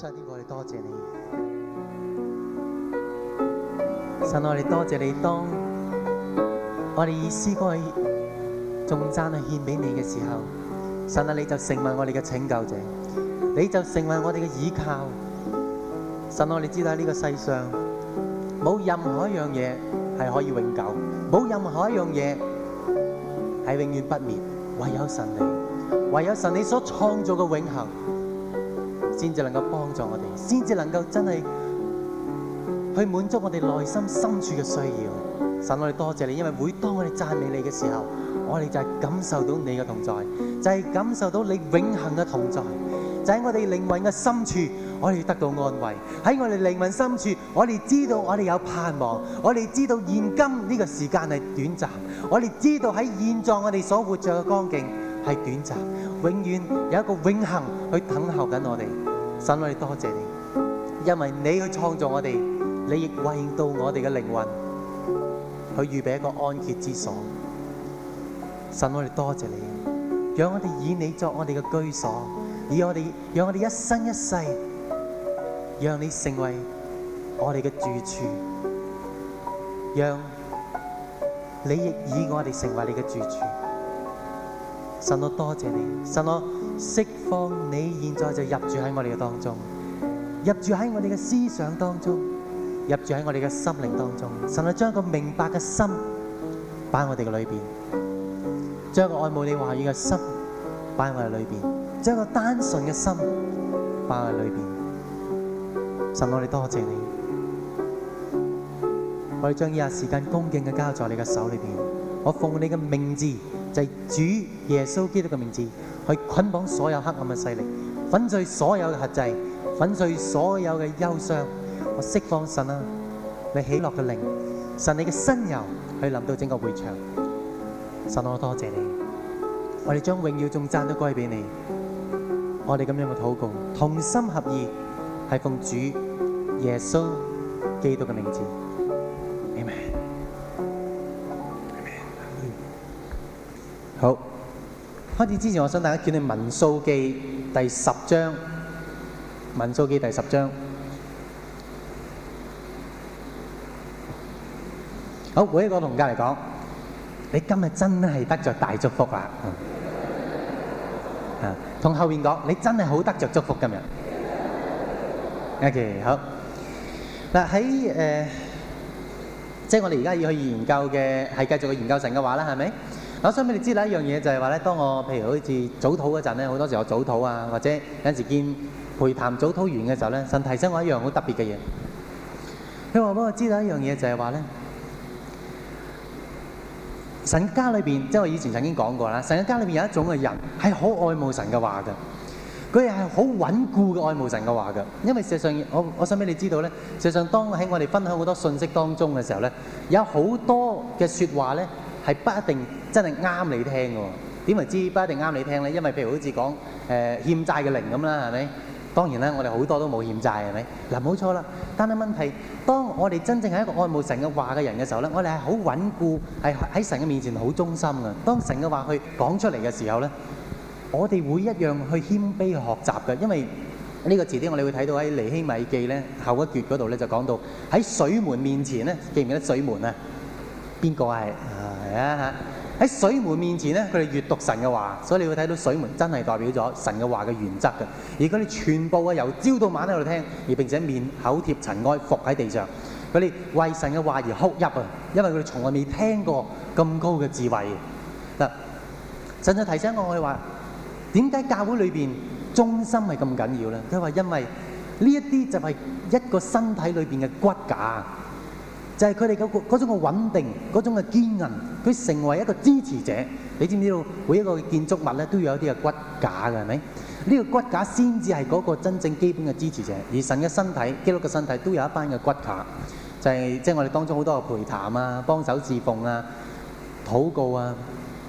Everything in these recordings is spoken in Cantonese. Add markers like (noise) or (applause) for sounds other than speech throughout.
真係天父，我哋多謝你。神，我哋多謝你，當我哋以詩歌嘅頌讚去獻俾你嘅時候，神啊，你就成為我哋嘅拯救者，你就成為我哋嘅倚靠。神，我哋知道呢個世上，冇任何一樣嘢係可以永久，冇任何一樣嘢係永遠不滅，唯有神你，唯有神你所創造嘅永恆。先至能夠幫助我哋，先至能夠真係去滿足我哋內心深處嘅需要。神，我哋多謝你，因為每當我哋讚美你嘅時候，我哋就係感受到你嘅同在，就係、是、感受到你永恒嘅同在。就喺、是、我哋靈魂嘅深處，我哋得到安慰；喺我哋靈魂深處，我哋知道我哋有盼望。我哋知道現今呢個時間係短暫，我哋知道喺現狀我哋所活着嘅光景係短暫。永遠有一個永恒去等候緊我哋。神，我哋多謝你，因為你去創造我哋，你亦為到我哋嘅靈魂去預備一個安歇之所。神，我哋多謝你，讓我哋以你作我哋嘅居所，以我哋，讓我哋一生一世，讓你成為我哋嘅住處，讓你亦以我哋成為你嘅住處。神我多謝你，神我釋放你現在就入住喺我哋嘅當中，入住喺我哋嘅思想當中，入住喺我哋嘅心靈當中。神啊，將一個明白嘅心擺喺我哋嘅裏邊，將一個愛慕你話語嘅心擺喺我哋裏邊，將一個單純嘅心擺喺裏邊。神我哋多謝你，我哋將呢個時間恭敬嘅交在你嘅手裏邊，我奉你嘅名字。就係、是、主耶穌基督嘅名字，去捆綁所有黑暗嘅勢力，粉碎所有嘅轄制，粉碎所有嘅憂傷，我釋放神啦、啊，你喜樂嘅靈，神你嘅新油，去臨到整個會場，神我多謝你，我哋將榮耀頌讚都歸俾你，我哋咁樣嘅禱告，同心合意，係奉主耶穌基督嘅名字。開始之前，我想大家叫你《民數記》第十章，《民數記》第十章。好，每一個同教嚟講，你今日真係得著大祝福啦！啊，同後面講，你真係好得著祝福今日。OK，好。嗱喺誒，即係我哋而家要去研究嘅係繼續去研究神嘅話啦，係咪？我想俾你知道一樣嘢，就係話呢，當我譬如好似早禱嗰陣咧，好多時候早禱啊，或者有陣時見陪談早禱完嘅時候呢，神提醒我一樣好特別嘅嘢。佢話畀我知道一樣嘢，就係話呢，神家裏面，即係我以前曾經講過啦，神家裏面有一種嘅人係好愛慕神嘅話嘅，佢係好穩固嘅愛慕神嘅話嘅，因為事實上，我我想俾你知道呢，事實上當喺我哋分享好多信息當中嘅時候呢，有好多嘅說話呢。係不一定真係啱你聽嘅喎，點為之不一定啱你聽咧？因為譬如好似講誒欠債嘅靈咁啦，係咪？當然啦，我哋好多都冇欠債，係咪？嗱，冇錯啦。但係問題，當我哋真正係一個愛慕神嘅話嘅人嘅時候咧，我哋係好穩固，係喺神嘅面前好忠心嘅。當神嘅話去講出嚟嘅時候咧，我哋會一樣去謙卑去學習嘅。因為呢個字典我哋會睇到喺尼希米記咧後一節嗰度咧，就講到喺水門面前咧，記唔記得水門啊？邊個係？喺、yeah. 水門面前咧，佢哋閱讀神嘅話，所以你會睇到水門真係代表咗神嘅話嘅原則嘅。而佢哋全部啊由朝到晚喺度聽，而並且面口貼塵埃伏喺地上，佢哋為神嘅話而哭泣啊！因為佢哋從來未聽過咁高嘅智慧。嗱，神就提醒我哋話：點解教會裏邊忠心係咁緊要咧？佢話因為呢一啲就係一個身體裏邊嘅骨架。就係佢哋嗰種嘅穩定，嗰種嘅堅韌，佢成為一個支持者。你知唔知道每一個建築物咧都有一啲嘅骨架嘅，係咪？呢個骨架先至係嗰個真正基本嘅支持者。而神嘅身體、基督嘅身體都有一班嘅骨架，就係即係我哋當中好多嘅陪談啊、幫手侍奉啊、禱告啊，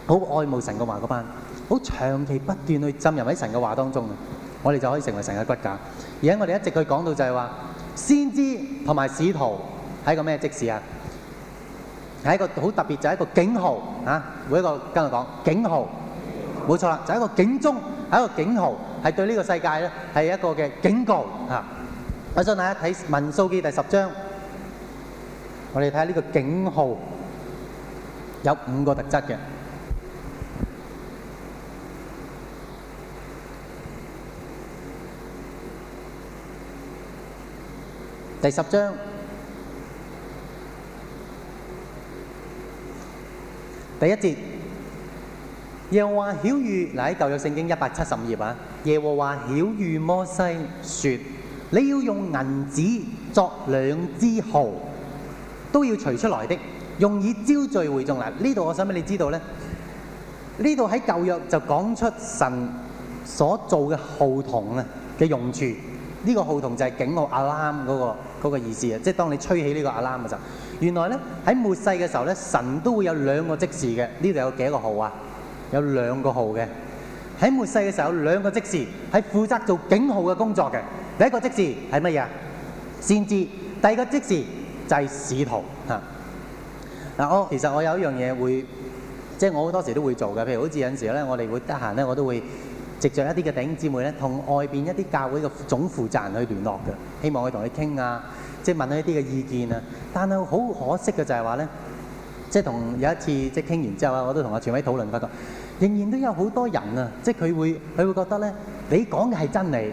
好愛慕神嘅話嗰班，好長期不斷去浸入喺神嘅話當中，我哋就可以成為神嘅骨架。而家我哋一直去講到就係話先知同埋使徒。係一個咩即時啊？係一個好特別，就係一個警號啊！每一個跟我講警號，冇錯啦，就係一個警鐘，係一個警號，係對呢個世界咧係一個嘅警告嚇。我想大家睇民數記第十章，我哋睇下呢個警號有五個特質嘅第十章。第一節，耶和華曉喻嗱，喺舊約聖經一百七十頁啊，耶和華曉喻摩西說：你要用銀子作兩支號，都要除出來的，用以招聚會眾。嗱，呢度我想俾你知道咧，呢度喺舊約就講出神所做嘅號筒啊嘅用處。呢、這個號筒就係警號阿 l a r 嗰個意思啊，即係當你吹起呢個阿 l 嘅 r 候。原來咧喺末世嘅時候咧，神都會有兩個職事嘅。呢度有幾個號啊？有兩個號嘅。喺末世嘅時候，有兩個職事，係負責做警號嘅工作嘅。第一個職事係乜嘢啊？先知。第二個職事就係使徒。嚇！嗱，我其實我有一樣嘢會，即係我好多時都會做嘅。譬如好似有陣時咧，我哋會得閒咧，我都會藉著一啲嘅弟兄姊妹咧，同外邊一啲教會嘅總負責人去聯絡嘅，希望去同佢傾啊。即係問一啲嘅意見啊，但係好可惜嘅就係話咧，即係同有一次即係傾完之後啊，我都同阿全偉討論了，不過仍然都有好多人啊，即係佢會佢會覺得咧，你講嘅係真理，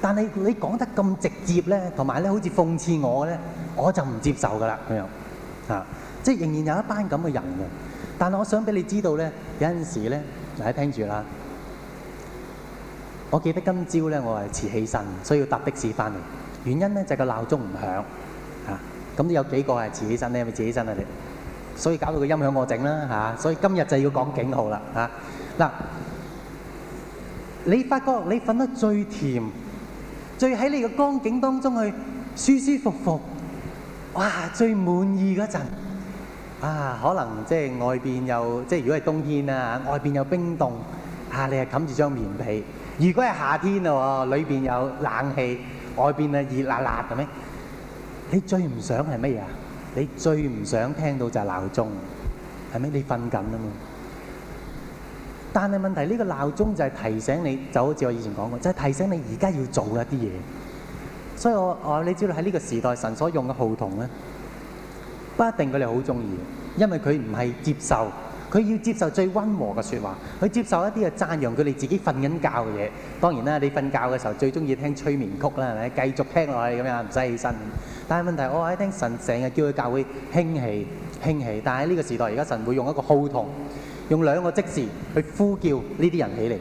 但係你講得咁直接咧，同埋咧好似諷刺我咧，我就唔接受噶啦咁樣啊，即係仍然有一班咁嘅人嘅。但係我想俾你知道咧，有陣時咧，大家聽住啦。我記得今朝咧，我係遲起身，所以要搭的士翻嚟。原因咧就係、是、個鬧鐘唔響，嚇咁都有幾個係遲起身咧？係咪遲起身啊？你，所以搞到個音響我整啦，嚇、啊！所以今日就要講警號啦，嚇！嗱，你發覺你瞓得最甜、最喺你個光景當中去舒舒服服，哇！最滿意嗰陣，啊，可能即係外邊又即係如果係冬天啊，外邊有冰凍，嚇、啊、你係冚住張棉被；如果係夏天啊，裏邊有冷氣。外邊啊熱辣辣嘅咩？你最唔想係乜嘢啊？你最唔想聽到就係鬧鐘，係咪？你瞓緊啊嘛。但係問題呢、呢個鬧鐘就係提醒你，就好似我以前講過，就係、係、提醒你而家要做一啲嘢。所以我啊，你知道喺呢個時代神所用嘅號筒咧，不一定佢哋好中意，因為佢唔係接受。佢要接受最温和嘅説話，佢接受一啲嘅讚揚，佢哋自己瞓緊覺嘅嘢。當然啦，你瞓覺嘅時候最中意聽催眠曲啦，係咪？繼續聽落去咁樣，唔使起身。但係問題，我話聽神成日叫佢教會興起，興起。但係喺呢個時代，而家神會用一個號筒，用兩個即時去呼叫呢啲人起嚟。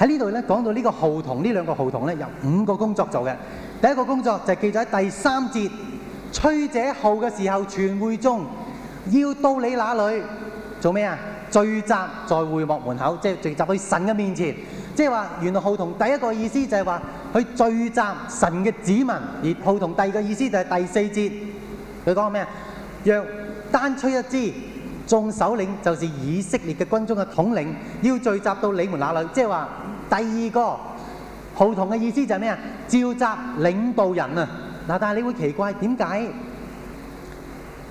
喺呢度咧講到呢個號筒，呢兩個號筒咧有五個工作做嘅。第一個工作就係記載喺第三節，吹者號嘅時候，全會中。要到你那裏做咩啊？聚集在會幕門口，即係聚集去神嘅面前。即係話原來號筒第一個意思就係話去聚集神嘅子民；而號筒第二個意思就係第四節佢講咩啊？若單吹一支，眾首領就是以色列嘅軍中嘅統領，要聚集到你們那裏。即係話第二個號筒嘅意思就係咩啊？召集領導人啊！嗱，但係你會奇怪點解？為什麼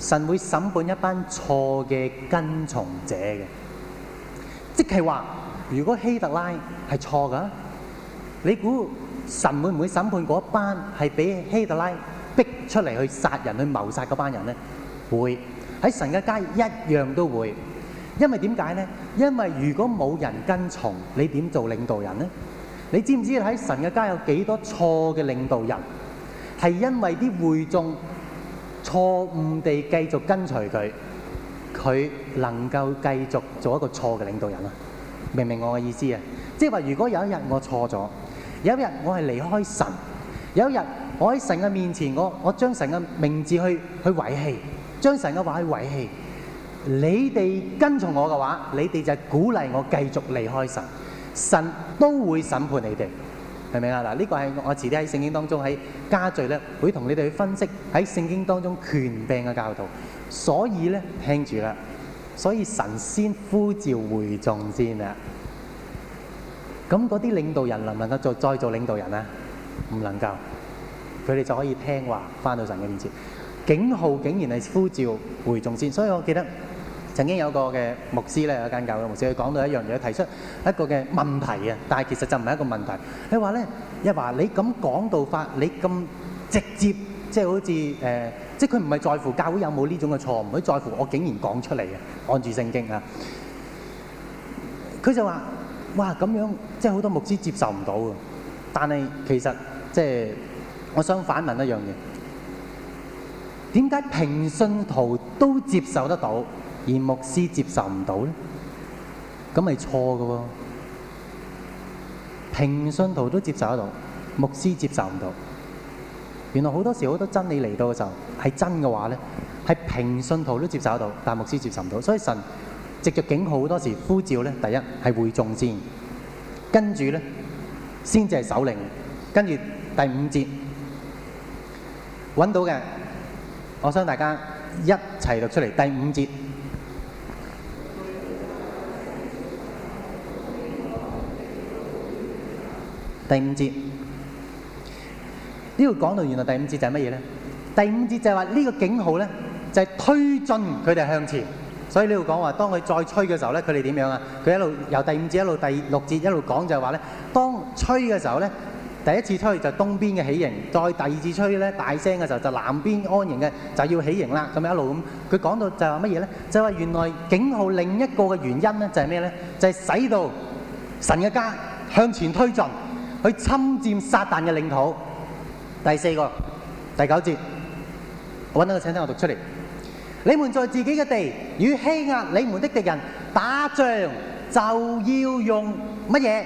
神會審判一班錯嘅跟從者嘅，即係話，如果希特拉係錯㗎，你估神會唔會審判嗰一班係被俾希特拉逼出嚟去殺人去謀殺嗰班人呢？會喺神嘅家一樣都會，因為點解呢？因為如果冇人跟從，你怎點做領導人呢？你知唔知道喺神嘅家有幾多錯嘅領導人？係因為啲會眾，錯誤地繼續跟隨佢，佢能夠繼續做一個錯嘅領導人啊？明唔明我嘅意思啊？即係話，如果有一日我錯咗，有一日我係離開神，有一日我喺神嘅面前，我我將神嘅名字去去遺棄，將神嘅話去遺棄，你哋跟從我嘅話，你哋就係鼓勵我繼續離開神，神都會審判你哋。明唔明啊？嗱，呢個係我遲啲喺聖經當中喺加註咧，會同你哋去分析喺聖經當中權柄嘅教導。所以咧，聽住啦。所以神先呼召會眾先啊。咁嗰啲領導人能唔能夠做再做領導人啊？唔能夠，佢哋就可以聽話返到神嘅面前。警號竟然係呼召會眾先，所以我記得。曾經有個牧師呢，有間教會牧師，佢講到一樣嘢，佢提出一個嘅問題，但係其實就唔係一個問題。佢話呢，又話你咁講道法，你咁直接，即係好似誒，即係佢唔係在乎教會有冇呢種嘅錯誤，佢在乎我竟然講出嚟嘅，按住聖經他佢就話，哇，咁樣即係好多牧師接受唔到。但係其實即係我想反問一樣嘢，點解平信徒都接受得到？而牧師接受唔到咧，咁咪錯嘅。平信徒都接受得到，牧師接受唔到。原來好多時好多真理嚟到嘅時候，係真嘅話呢係平信徒都接受得到，但牧師接受唔到。所以神藉着警號好多時呼召呢。第一係會眾先，跟住呢，先至係首領，跟住第五節揾到嘅，我想大家一齊讀出嚟第五節。第五節，呢度講到原來第五節就係乜嘢呢？第五節就係話呢個警號呢，就係推進佢哋向前。所以呢度講話，當佢再吹嘅時候呢，佢哋點樣啊？佢一路由第五節一路第六節一路講就係話呢，當吹嘅時候呢，第一次吹就東邊嘅起營，再第二次吹呢，大聲嘅時候就南邊安營嘅就要起營啦。咁一路咁，佢講到就係話乜嘢呢？就係話原來警號另一個嘅原因呢，就係咩呢？就係使到神嘅家向前推進。.去侵占撒旦嘅領土。第四個，第九節，我搵到個，請聽我讀出嚟。你們在自己嘅地與欺壓你們的敵人打仗，就要用乜嘢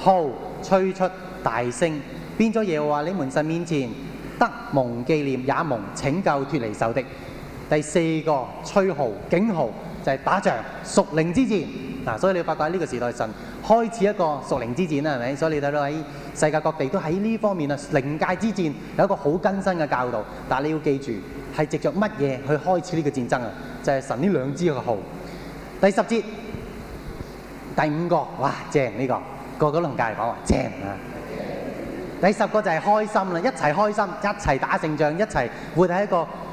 號吹出大聲，變咗耶和華你們神面前得蒙記念也蒙拯救脱離仇敵。第四個，吹號警號。就係、是、打仗，屬靈之戰嗱、啊，所以你會發覺喺呢個時代，神開始一個屬靈之戰啦，係咪？所以你睇到喺世界各地都喺呢方面啊，靈界之戰有一個好更新嘅教導。但係你要記住，係藉着乜嘢去開始呢個戰爭啊？就係、是、神呢兩支嘅號。第十節，第五個，哇，正呢、這個、個個嗰龍界講話正啊！第十個就係開心啦，一齊開心，一齊打勝仗，一齊活喺一個。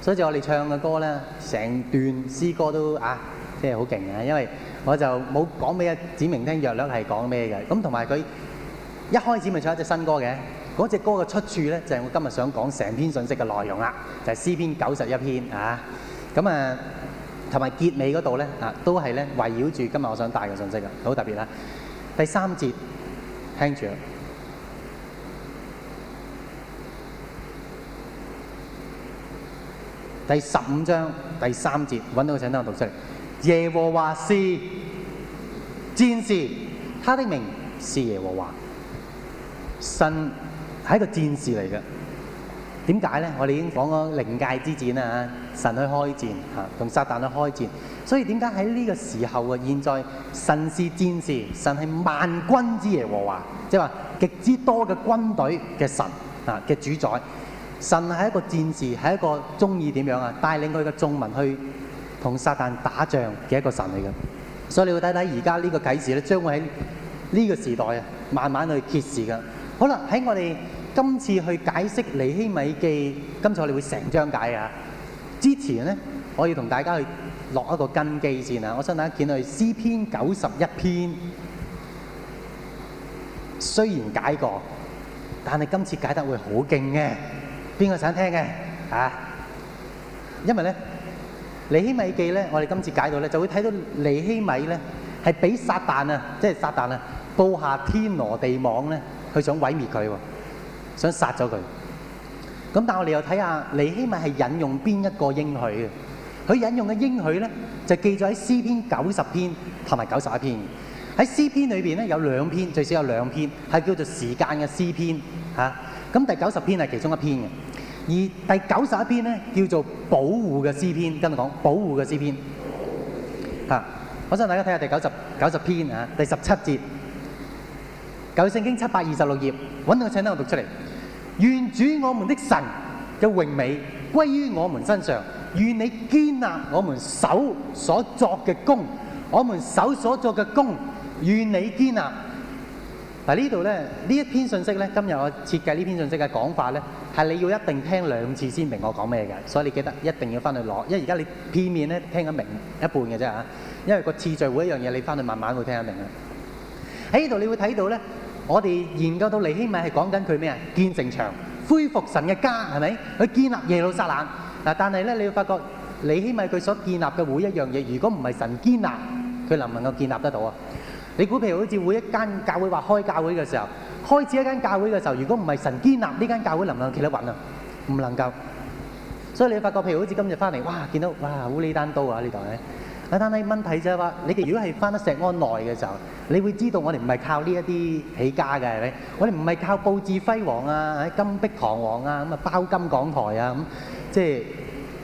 所以就我哋唱嘅歌呢，成段詩歌都啊，即係好勁啊，因為我就冇講俾阿子明聽約略係講咩嘅。咁同埋佢一開始咪唱一隻新歌嘅，嗰隻歌嘅出處呢，就係我今日想講成篇信息嘅內容啦，就係詩篇九十一篇啊。咁啊，同埋結尾嗰度呢，啊，都係呢，圍繞住今日我想帶嘅信息嘅。好特別啦。第三節聽住。第十五章第三節，揾到個聖經我讀出嚟，耶和華是戰士，他的名是耶和華。神係一個戰士嚟嘅，點解咧？我哋已經講咗靈界之戰啦，神去開戰嚇，同撒旦去開戰。所以點解喺呢個時候啊？現在神是戰士，神係萬軍之耶和華，即係話極之多嘅軍隊嘅神啊嘅主宰。神係一個戰士，係一個中意點樣啊？帶領佢嘅眾民去同撒旦打仗嘅一個神嚟嘅。所以你會睇睇而家呢個啟示將將會喺呢個時代慢慢去揭示㗎。好啦，喺我哋今次去解釋尼希米記，今次我哋會成章解啊。之前呢，我要同大家去落一個根基先。我想大家見到詩篇九十一篇，雖然解過，但係今次解得會好勁嘅。邊個想聽嘅嚇？因為咧，尼希米記咧，我哋今次解到咧，就會睇到尼希米咧係俾撒但啊，即係撒但啊，布下天羅地網咧，佢想毀滅佢，想殺咗佢。咁但係我哋又睇下尼希米係引用邊一個應許嘅？佢引用嘅應許咧，就記咗喺詩篇九十篇同埋九十一篇。喺詩篇裏邊咧有兩篇，最少有兩篇係叫做時間嘅詩篇嚇。咁第九十篇係其中一篇嘅。而第九十一篇呢，叫做保護嘅詩篇，跟住講保護嘅詩篇。好、啊，我想大家睇下第九十九十篇啊，第十七節。舊聖經七百二十六頁，揾到，請等我讀出嚟。願主我們的神嘅榮美歸於我們身上，願你堅立我們手所作嘅工。」我們手所作嘅工，願你堅立。嗱，呢度咧，呢一篇信息咧，今日我設計呢篇信息嘅講法咧，係你要一定聽兩次先明我講咩嘅，所以你記得一定要翻去攞，因為而家你片面咧聽得明一半嘅啫啊，因為個次序會一樣嘢，你翻去慢慢會聽得明啊。喺呢度你會睇到咧，我哋研究到尼希米係講緊佢咩啊？建城牆、恢復神嘅家，係咪？佢建立耶路撒冷。嗱，但係咧你要發覺，尼希米佢所建立嘅每一樣嘢，如果唔係神建立，佢能唔能夠建立得到啊？你估譬如好似每一間教會話開教會嘅時候，開始一間教會嘅時候，如果唔係神建立呢間教會，能唔能夠企得穩啊？唔能夠。所以你發覺譬如好似今日翻嚟，哇，見到哇烏利丹刀啊呢度咧，啊但係問題就係話，你哋如果係翻得石安內嘅時候，你會知道我哋唔係靠呢一啲起家嘅係咪？我哋唔係靠佈置輝煌啊，喺金碧堂皇啊，咁啊包金講台啊，咁即係。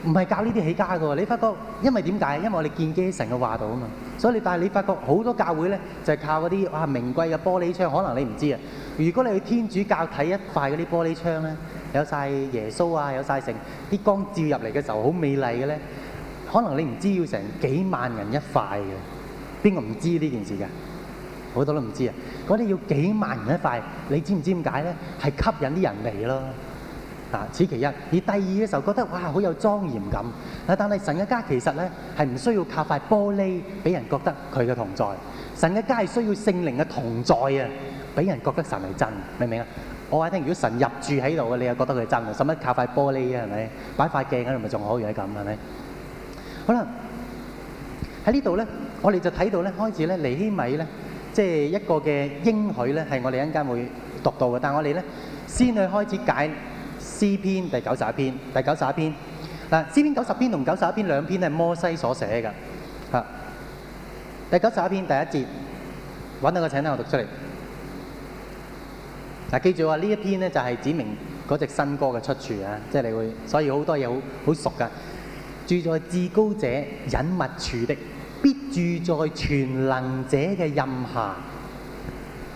唔係教呢啲起家㗎喎，你發覺因為點解？因為我哋建基喺神嘅話度啊嘛，所以你但係你發覺好多教會咧，就係、是、靠嗰啲哇名貴嘅玻璃窗，可能你唔知啊。如果你去天主教睇一塊嗰啲玻璃窗咧，有晒耶穌啊，有晒聖，啲光照入嚟嘅時候好美麗嘅咧，可能你唔知要成幾萬銀一塊嘅，邊個唔知呢件事㗎？好多都唔知啊！嗰啲要幾萬銀一塊，你知唔知點解咧？係吸引啲人嚟咯。啊！此其一，而第二嘅時候覺得哇，好有莊嚴感。啊！但係神嘅家其實咧係唔需要靠塊玻璃，俾人覺得佢嘅同在。神嘅家係需要聖靈嘅同在啊，俾人覺得神係真，明唔明啊？我話聽，如果神入住喺度嘅，你又覺得佢係真，使乜靠塊玻璃嘅？係咪擺塊鏡喺度咪仲好？而係咁係咪？好啦，喺呢度咧，我哋就睇到咧，開始咧尼希米咧，即係一個嘅應許咧，係我哋一間會讀到嘅。但係我哋咧先去開始解。詩篇第九十一篇，第九十一篇詩篇九十篇同九十一篇兩篇係摩西所寫嘅、啊，第九十一篇第一節，揾到個請聽我讀出嚟。嗱、啊，記住啊，呢一篇咧就係指明嗰隻新歌嘅出處啊，即係你會，所以好多嘢好好熟㗎。住在至高者隱密處的，必住在全能者嘅任下。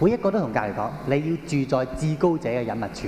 每一個都同隔離講，你要住在至高者嘅隱密處。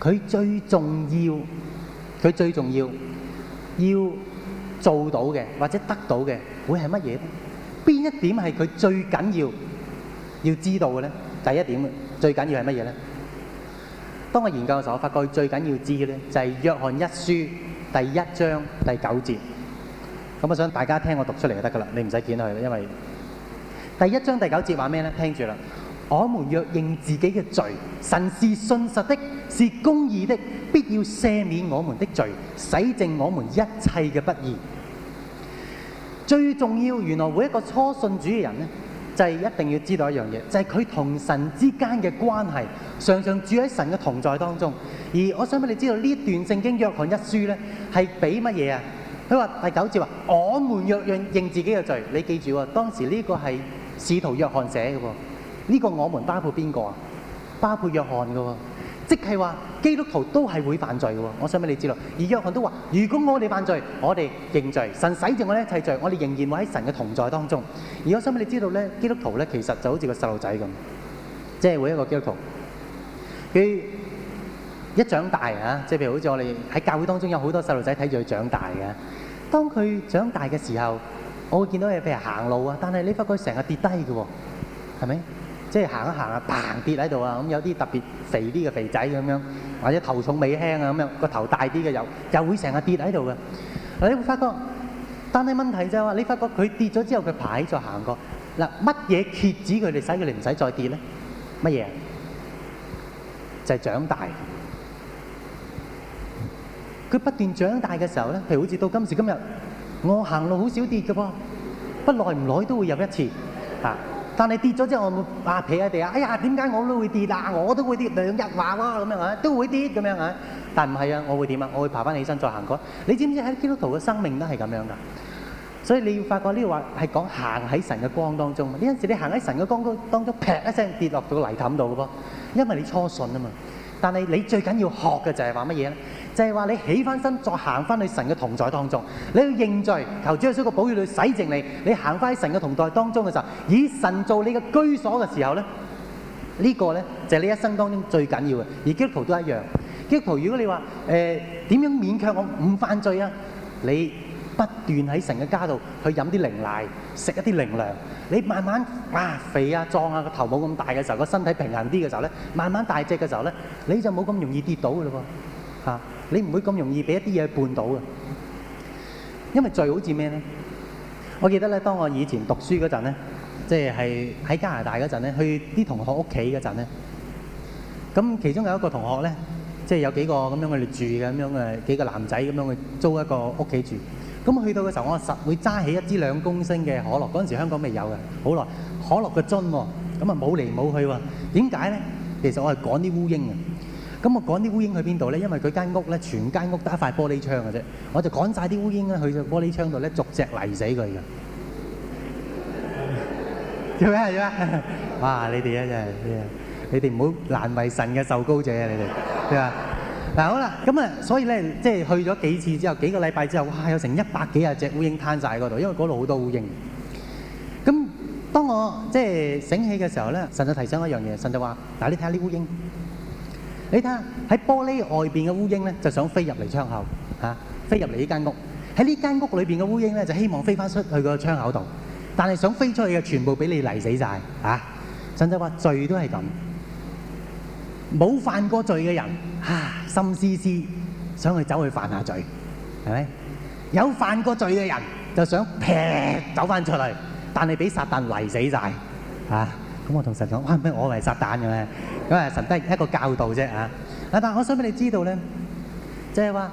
佢最重要，佢最重要，要做到嘅或者得到嘅，會係乜嘢？邊一點係佢最緊要要知道嘅咧？第一點，最緊要係乜嘢咧？當我研究嘅時候，我發覺最緊要知嘅咧，就係約翰一書第一章第九節。咁我想大家聽我讀出嚟就得噶啦，你唔使見佢啦，因為第一章第九節話咩咧？聽住啦。我們若認自己嘅罪，神是信實的，是公義的，必要赦免我們的罪，洗淨我們一切嘅不義。最重要，原來每一個初信主嘅人呢，就是一定要知道一樣嘢，就是佢同神之間嘅關係，常常住喺神嘅同在當中。而我想俾你知道呢段聖經《約翰一書》呢，係俾乜嘢啊？佢話第九節話：我們若認認自己嘅罪，你記住，當時呢個是使徒約翰寫嘅。呢個我們包括邊個啊？包括約翰噶喎，即係話基督徒都係會犯罪噶喎。我想俾你知道，而約翰都話：如果我哋犯罪，我哋認罪，神洗淨我哋一切罪，我哋仍然會喺神嘅同在當中。而我想俾你知道咧，基督徒咧其實就好似個細路仔咁，即係會一個基督徒，佢一長大啊，即係譬如好似我哋喺教會當中有好多細路仔睇住佢長大嘅。當佢長大嘅時候，我會見到佢譬如行路啊，但係你發覺佢成日跌低嘅喎，係咪？即係行一行啊，嘭跌喺度啊！咁有啲特別肥啲嘅肥仔咁樣，或者頭重尾輕啊咁樣，個頭大啲嘅又又會成日跌喺度嘅，你會發覺，但係問題就係話，你發覺佢跌咗之後，佢排再行過嗱，乜嘢揭止佢哋使佢哋唔使再跌咧？乜嘢啊？就係長大。佢不斷長大嘅時候咧，譬如好似到今時今日，我行路好少跌嘅噃，不耐唔耐都會有一次啊。但你跌咗之後，我會啊，皮喺地下。哎呀，點解我都會跌啊？我都會跌兩日話喎，咁樣啊，都會跌咁樣啊。但唔係啊，我會點啊？我會爬翻起身再行過。你知唔知喺基督徒嘅生命都係咁樣噶？所以你要發覺呢個話係講行喺神嘅光當中。呢陣時你行喺神嘅光當中，劈一聲跌落到個泥凼度嘅噃，因為你初信啊嘛。但係你最緊要學嘅就係話乜嘢咧？就係、是、話你起翻身再行翻去神嘅同在當中，你要認罪，求主喺嗰個寶血你，洗淨你。你行翻喺神嘅同在當中嘅時候，以神做你嘅居所嘅時候咧，這個、呢個咧就係、是、你一生當中最緊要嘅。而基督徒都一樣，基督徒如果你話誒點樣勉強我唔犯罪啊？你不斷喺神嘅家度去飲啲靈奶，食一啲靈糧，你慢慢啊肥啊壯啊個頭冇咁大嘅時候，個身體平衡啲嘅時候咧，慢慢大隻嘅時候咧，你就冇咁容易跌倒嘅咯喎，啊你唔會咁容易俾一啲嘢絆倒嘅，因為罪好似咩咧？我記得咧，當我以前讀書嗰陣咧，即係喺加拿大嗰陣咧，去啲同學屋企嗰陣咧，咁其中有一個同學咧，即係有幾個咁樣嘅住嘅咁樣嘅幾個男仔咁樣去租一個屋企住，咁去到嘅時候，我實會揸起一支兩公升嘅可樂，嗰陣時香港未有嘅，好耐可樂嘅樽喎，咁啊冇嚟冇去喎，點解咧？其實我係趕啲烏蠅嘅。咁我趕啲烏蠅去邊度咧？因為佢間屋咧，全間屋得一塊玻璃窗嘅啫。我就趕晒啲烏蠅咧去個玻璃窗度咧，逐隻嚟死佢嘅。做咩？做咩？哇！你哋咧真係，你哋唔好難為神嘅受高者 (laughs) 啊！你哋，係啊。嗱好啦，咁啊，所以咧，即係去咗幾次之後，幾個禮拜之後，哇！有成一百幾廿隻烏蠅攤晒嗰度，因為嗰度好多烏蠅。咁當我即係醒起嘅時候咧，神就提醒一樣嘢，神就話：嗱，你睇下啲烏蠅。你睇下喺玻璃外邊嘅烏蠅咧，就想飛入嚟窗口，嚇飛入嚟呢間屋。喺呢間屋裏邊嘅烏蠅咧，就希望飛翻出去個窗口度，但係想飛出去嘅全部俾你嚟死曬，嚇！甚至話罪都係咁，冇犯過罪嘅人嚇，心思思想去走去犯下罪，係咪？有犯過罪嘅人就想撇走翻出嚟，但係俾撒但嚟死曬，嚇！咁我同神講，哇！唔係我為撒旦嘅咩？咁啊，神都係一個教導啫嚇。啊！但係我想俾你知道咧，即係話，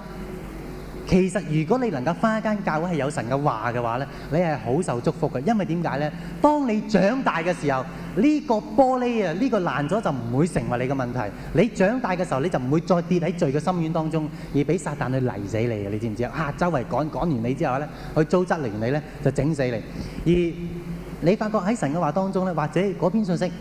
其實如果你能夠返一間教會係有神嘅話嘅話咧，你係好受祝福嘅。因為點解咧？當你長大嘅時候，呢個玻璃啊，呢個爛咗就唔會成為你嘅問題。你長大嘅時候，你就唔會再跌喺罪嘅深淵當中，而俾撒旦去嚟死你嘅。你知唔知啊？啊！周圍趕趕完你之後咧，去糟質凌你咧，就整死你。而你發覺喺神嘅話當中咧，或者嗰篇信息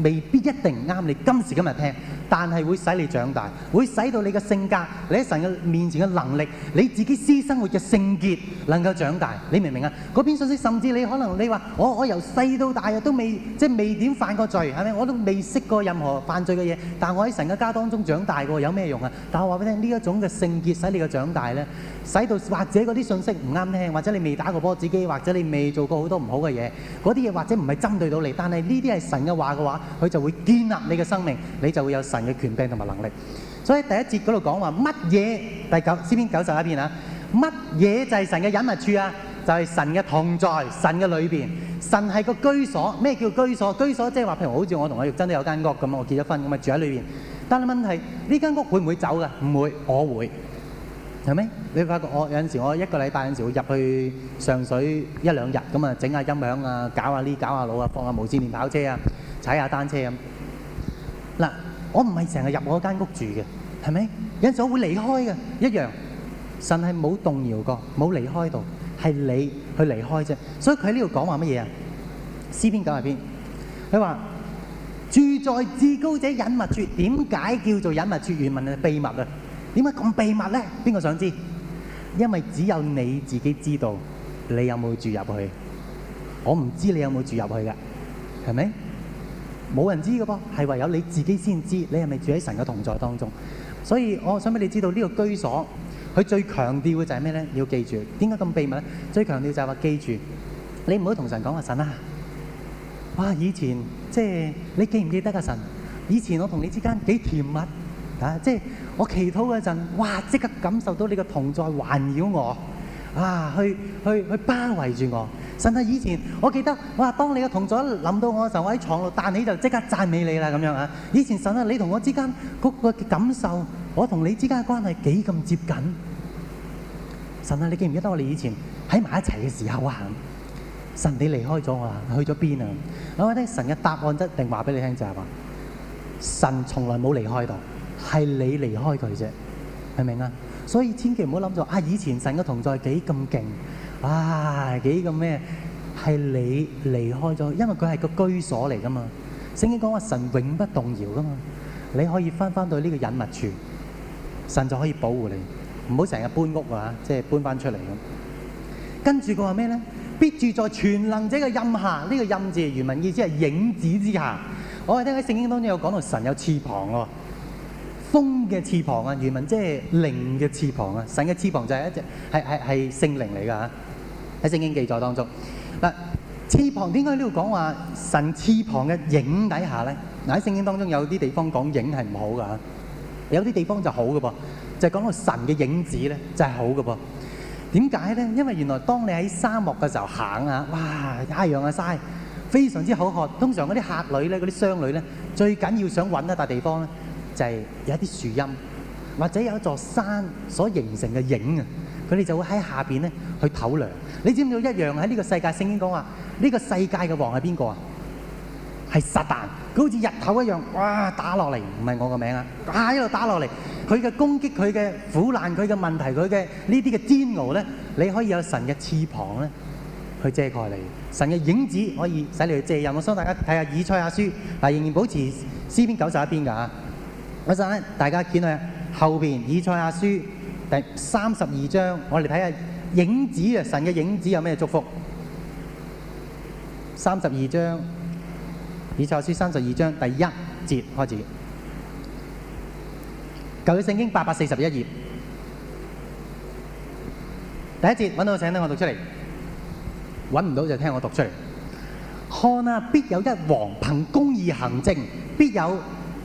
未必一定啱你今時今日聽。但係會使你長大，會使到你嘅性格、你喺神嘅面前嘅能力、你自己私生活嘅聖潔能夠長大。你明唔明啊？嗰篇信息甚至你可能你話我我由細到大啊都未即係未點犯過罪係咪？我都未識過任何犯罪嘅嘢。但我喺神嘅家當中長大過有咩用啊？但係我話俾你聽，呢一種嘅聖潔使你嘅長大咧，使到或者嗰啲信息唔啱聽，或者你未打過波子機，或者你未做過好多唔好嘅嘢，嗰啲嘢或者唔係針對到你。但係呢啲係神嘅話嘅話，佢就會建立你嘅生命，你就會有神嘅權柄同埋能力，所以第一節嗰度講話乜嘢？第九詩篇九十一篇啊，乜嘢就係神嘅隱密處啊，就係神嘅同在，神嘅裏邊，神係個居所。咩叫居所？居所即係話，譬如好似我同阿玉珍都有間屋咁啊，我結咗婚咁啊，住喺裏邊。但係問題呢間屋會唔會走噶？唔會，我會係咪？你會發覺我有陣時，我一個禮拜有陣時會入去上水一兩日咁啊，整下音響啊，搞下呢，搞下腦啊，放下無線電跑車啊，踩下單車咁嗱。我唔係成日入我間屋住嘅，係咪？有時候我會離開嘅，一樣。神係冇動搖過，冇離開度，係你去離開啫。所以佢喺呢度講話乜嘢啊？詩篇九十一篇，佢話住在至高者隱密處，點解叫做隱密處？原文秘密啊，點解咁秘密呢？邊個想知？因為只有你自己知道，你有冇住入去？我唔知你有冇住入去嘅，係咪？冇人知嘅噃，係唯有你自己先知。你係咪住喺神嘅同在當中？所以我想畀你知道呢個居所，佢最強調嘅就係咩呢？你要記住，點解咁秘密呢？最強調就係話記住，你唔好同神講話神啊！哇！以前即係你記唔記得啊？神，以前我同你之間幾甜蜜啊！即係我祈禱嗰陣，哇！即刻感受到你嘅同在環繞我。哇、啊！去去去包圍住我，神啊！以前我記得，哇！當你的同座，一諗到我嘅時候，喺床度彈起就即刻讚美你啦咁樣啊！以前神啊，你同我之間嗰、那個感受，我同你之間嘅關係幾咁接近，神啊，你記唔記得我哋以前喺埋一齊嘅時候啊？神，你離開咗我、啊、去咗邊啊？我覺得神嘅答案一定話俾你聽就係、是、話，神從來冇離開到，係你離開佢啫，明唔明啊？所以千祈唔好諗住、啊、以前神嘅同在幾咁勁，啊，幾咁咩？係你離開咗，因為佢係個居所嚟噶嘛。聖經講話，神永不動搖噶嘛，你可以翻翻到呢個隱密處，神就可以保護你。唔好成日搬屋啊，即、就是、搬出嚟跟住佢話咩呢？「必住在全能者嘅蔭下」。呢、這個蔭字原文意思係影子之下。我哋聽喺聖經當中有講到神有翅膀喎。風嘅翅膀啊，原文即係靈嘅翅膀啊，神嘅翅膀就係一隻，係係係聖靈嚟㗎嚇，喺聖經記載當中嗱，翅膀點解喺呢度講話神翅膀嘅影底下咧？嗱，喺聖經當中有啲地方講影係唔好㗎嚇，有啲地方就好㗎噃，就係、是、講到神嘅影子咧就係好㗎噃。點解咧？因為原來當你喺沙漠嘅時候行啊，哇，太陽啊曬，非常之好渴。通常嗰啲客旅咧、嗰啲商旅咧，最緊要想揾一笪地方咧。就係、是、有一啲樹蔭，或者有一座山所形成嘅影啊，佢哋就會喺下邊咧去透涼。你知唔知道一樣喺呢個世界聖經講話呢、這個世界嘅王係邊個啊？係撒旦。佢好似日頭一樣，哇打落嚟唔係我個名啊，喺度打落嚟佢嘅攻擊，佢嘅苦難，佢嘅問題，佢嘅呢啲嘅煎熬咧，你可以有神嘅翅膀咧去遮蓋你，神嘅影子可以使你去遮蔭。我希望大家睇下以賽亞書，但仍然保持詩篇九十一篇嘅啊。大家見佢後面，以賽亞書第三十二章，我哋睇下影子，神嘅影子有咩祝福？三十二章，以賽亞書三十二章第一節開始，舊約聖經八百四十頁，第一節找到請聽我讀出嚟；找唔到就聽我讀出嚟。看啊，必有一王憑公義行政，必有。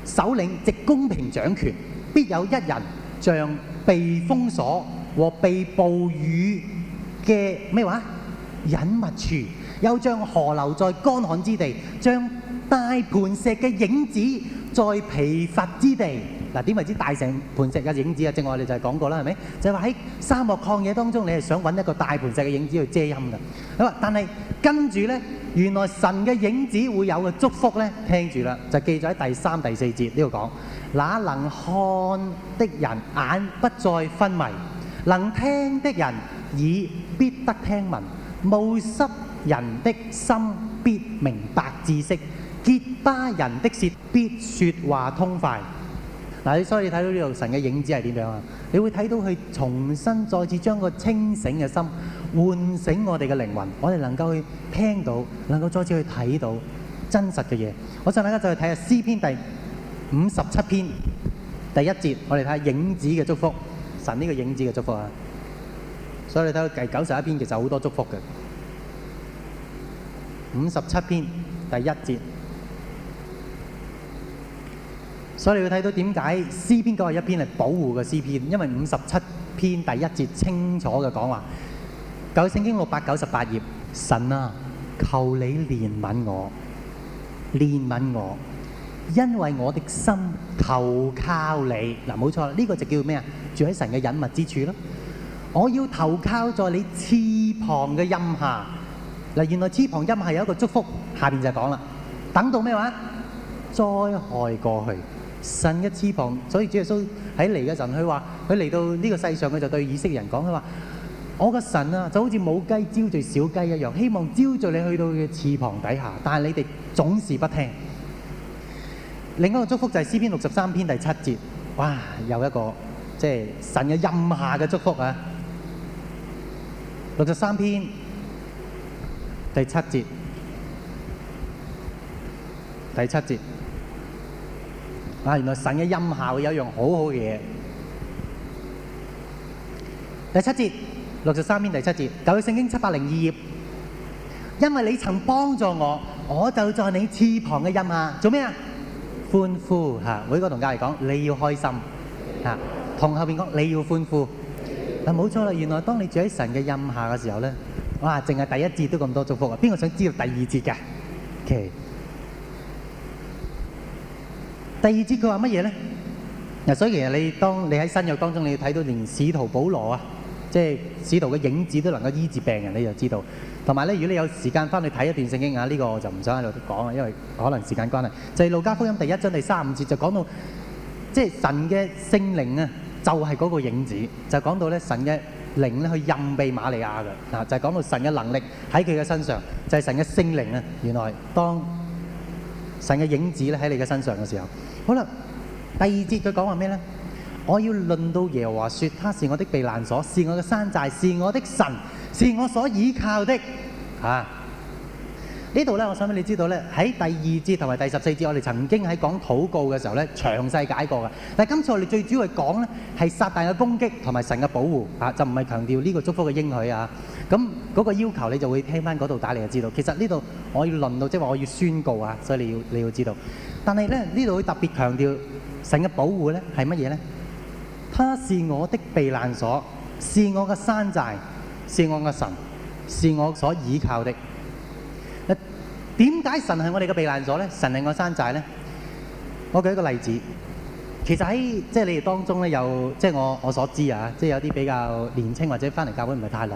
首領藉公平掌權，必有一人像被封鎖和被暴雨嘅咩話隱密處，又像河流在乾旱之地，像大盤石嘅影子在疲乏之地。嗱，點為之大成磐石嘅影子啊？正我哋就係講過啦，係咪？就係話喺沙漠曠野當中，你係想揾一個大磐石嘅影子去遮陰㗎。但係跟住咧，原來神嘅影子會有嘅祝福呢。聽住啦，就記在喺第三、第四節呢度講。那能看的人眼不再昏迷，能聽的人耳必得聽聞，冒失人的心必明白知識，結巴人的舌必說話通快。所以你睇到呢度神嘅影子係點樣啊？你會睇到佢重新再次將個清醒嘅心喚醒我哋嘅靈魂，我哋能夠去聽到，能夠再次去睇到真實嘅嘢。我想大家就去睇下詩篇第五十七篇第一節，我哋睇下影子嘅祝福，神呢個影子嘅祝福啊。所以你睇到第九十一篇其實好多祝福嘅。五十七篇第一節。所以你要睇到點解詩篇嗰九十一篇係保護嘅詩篇，因為五十七篇第一節清楚嘅講話，《九聖經》六百九十八頁，神啊，求你憐憫我，憐憫我，因為我的心投靠你。嗱，冇錯啦，呢個就叫咩啊？住喺神嘅隱密之處咯。我要投靠在你翅膀嘅陰下。原來翅膀陰下有一個祝福，下面就講喇。等到咩話？災害過去。神嘅翅膀，所以主耶穌喺嚟嘅時候，佢話佢嚟到呢個世上，佢就對以色列人講，佢話我的神啊，就好似母雞招住小雞一樣，希望招住你去到佢嘅翅膀底下，但係你哋總是不聽。另一個祝福就是詩篇六十三篇第七節，哇，有一個即係、就是、神嘅蔭下嘅祝福啊！六十三篇第七節，第七節。啊！原來神嘅蔭下有一樣好好嘅嘢。第七節，六十三篇第七節，就喺聖經七百零二頁。因為你曾幫助我，我就在你翅膀嘅蔭下。做咩啊？歡呼嚇！每個同學嚟講，你要開心同後面講你要歡呼。嗱，冇錯啦。原來當你住喺神嘅蔭下嘅時候呢，哇！淨係第一節都咁多祝福啊！邊個想知道第二節嘅？OK。第二節佢話乜嘢呢？嗱，所以其實你當你喺新約當中，你要睇到連使徒保羅啊，即係使徒嘅影子都能夠醫治病人，你就知道。同埋呢，如果你有時間返去睇一段聖經啊，呢個我就唔想喺度講啊，因為可能時間關係。就係路加福音第一章第三五節就講到，即係神嘅聖靈啊，就係嗰個影子，就講到呢神嘅靈咧去蔭庇瑪利亞嘅。嗱，就係講到神嘅能力喺佢嘅身上，就係神嘅聖靈啊。原來當神嘅影子咧喺你嘅身上嘅時候，好啦，第二節佢講話咩咧？我要論到耶和華，說他是我的避難所，是我嘅山寨，是我的神，是我所倚靠的。啊，呢度咧，我想俾你知道咧，喺第二節同埋第十四節，我哋曾經喺講禱告嘅時候咧，詳細解過嘅。但係今次我哋最主要係講咧，係撒但嘅攻擊同埋神嘅保護，啊，就唔係強調呢個祝福嘅應許啊。咁、那、嗰個要求你就會聽返嗰度打你就知道。其實呢度我要輪到，即係話我要宣告啊，所以你要，你要知道。但係呢度會特別強調神嘅保護呢係乜嘢呢？他是我的避難所，是我嘅山寨，是我嘅神，是我所倚靠的。點解神係我哋嘅避難所呢？神係我嘅山寨呢？我舉一個例子，其實喺、就是、你哋當中呢，有即係、就是、我，我所知啊，即、就、係、是、有啲比較年輕或者返嚟教會唔係太耐。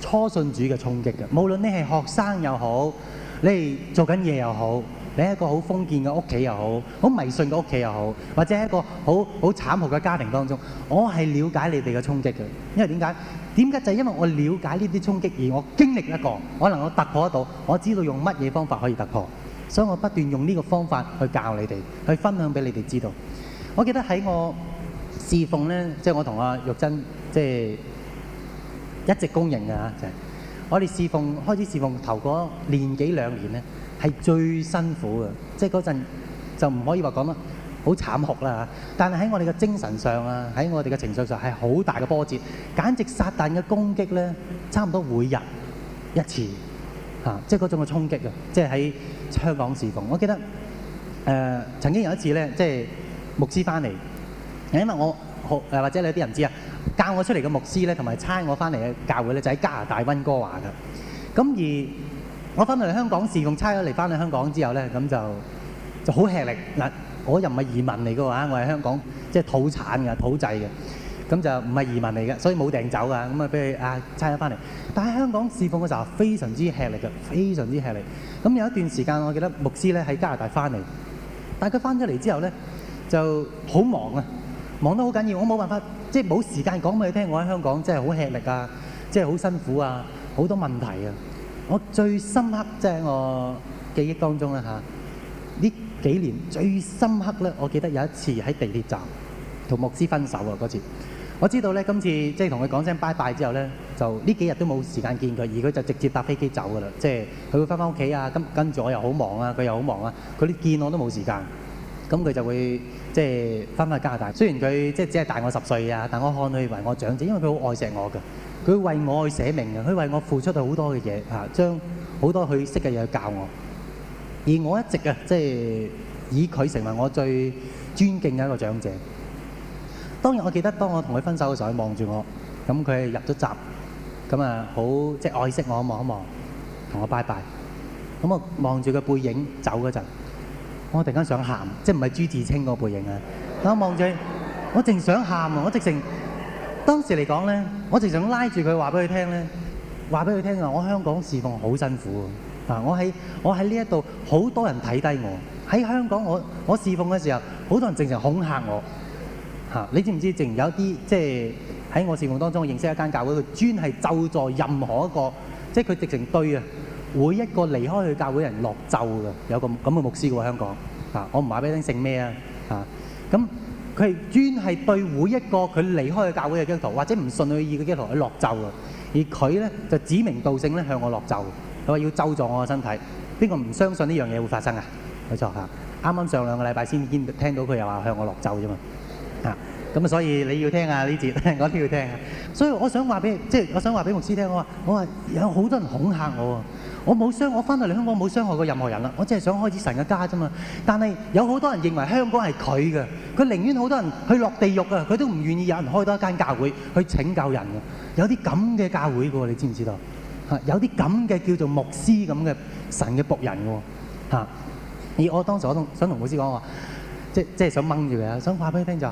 初信主嘅衝擊嘅，無論你係學生又好，你係做緊嘢又好，你係一個好封建嘅屋企又好，好迷信嘅屋企又好，或者係一個好好慘酷嘅家庭當中，我係了解你哋嘅衝擊嘅。因為點解？點解就係、因為我了解呢啲衝擊而我經歷一個，我能夠突破得到，我知道用乜嘢方法可以突破，所以我不斷用呢個方法去教你哋，去分享俾你哋知道。我記得喺我侍奉呢，即、就係、我同阿玉珍，即係。一直公認嘅，啊就是，我哋侍奉開始侍奉頭嗰年幾兩年呢，係最辛苦嘅，即係嗰陣就唔，是，可以話講咯，好慘酷啦，但係喺我哋嘅精神上啊，喺我哋嘅情緒上係好大嘅波折，簡直撒旦嘅攻擊呢，差唔多每日一次嚇，即係嗰種嘅衝擊啊！即，就、喺、是、香港侍奉，我記得、呃、曾經有一次呢，即，就是，牧師返嚟，因為我學或者有啲人知啊。教我出嚟嘅牧師咧，同埋差我翻嚟嘅教會咧，就喺加拿大溫哥華㗎。咁而我翻到嚟香港侍奉差咗嚟，翻到香港之後咧，咁就就好吃力。嗱，啊，我又唔係移民嚟嘅喎，我係香港，即係、就是、土產嘅土製嘅，咁就唔係移民嚟嘅，所以冇掟走㗎。咁啊，俾佢差咗翻嚟，但係香港侍奉嘅時候，非常之吃力嘅，非常之吃力。咁有一段時間，我記得牧師咧喺加拿大翻嚟，但係佢翻咗嚟之後咧就好忙啊，忙得好緊要，我冇辦法。即係冇時間講俾佢聽，我喺香港真係好吃力啊，即係好辛苦啊，好多問題啊！我最深刻即係我記憶當中啦嚇啊，呢幾年最深刻咧，我記得有一次喺地鐵站同牧師分手啊嗰次，我知道咧今次即係同佢講聲拜拜之後咧，就呢幾日都冇時間見佢，而佢就直接搭飛機走㗎啦，即係佢會翻返屋企啊，跟跟住我又好忙啊，佢又好忙啊，佢連見我都冇時間。咁佢就會即係翻返去加拿大。雖然佢即係只係大我十歲啊，但我看佢為我長者，因為佢好愛錫我嘅。佢為我去寫名嘅，佢為我付出咗好多嘅嘢啊，將好多佢識嘅嘢教我。而我一直啊，即係以佢成為我最尊敬嘅一個長者。當日我記得，當我同佢分手嘅時候，佢望住我，咁佢入咗閘，咁啊好即係愛惜我望一望，同我拜拜。咁我望住佢背影走嗰陣。我突然間想喊，即係唔係朱自清個背影啊？但我望住，我淨想喊啊！我直情當時嚟講咧，我直想拉住佢話俾佢聽咧，話俾佢聽啊！我香港侍奉好辛苦啊！我喺我喺呢一度好多人睇低我，喺香港我，我我侍奉嘅時候，好多人直情恐嚇我嚇。你知唔知？直有啲即係喺我侍奉當中，我認識一間教會，佢專係就助任何一個，即係佢直情堆啊！每一個離開佢教會嘅人落咒嘅，有個咁嘅牧師嘅香港。啊，我唔話俾你聽姓咩啊。啊，咁佢專係對每一個佢離開佢教會嘅基督徒，或者唔信佢意嘅基督徒，去落咒嘅。而佢咧就指名道姓咧向我落咒，佢話要咒詛我個身體。邊個唔相信呢樣嘢會發生啊？冇錯嚇。啱啱上兩個禮拜先見聽到佢又話向我落咒啫嘛。啊，咁所以你要聽下呢節， (laughs) 我都要聽啊。所以我想話俾，即係我想話俾牧師聽，我話我話有好多人恐嚇我。我冇傷，我返到嚟香港冇傷害過任何人啦。我只係想開始神嘅家啫嘛。但係有好多人認為香港係佢嘅，佢寧願好多人去落地獄啊，佢都唔願意有人開多一間教會去拯救人嘅。有啲咁嘅教會嘅喎，你知唔知道？有啲咁嘅叫做牧師咁嘅神嘅僕人嘅喎、啊。而我當時我想同牧師講話，即係想掹住佢啊，想話俾佢聽就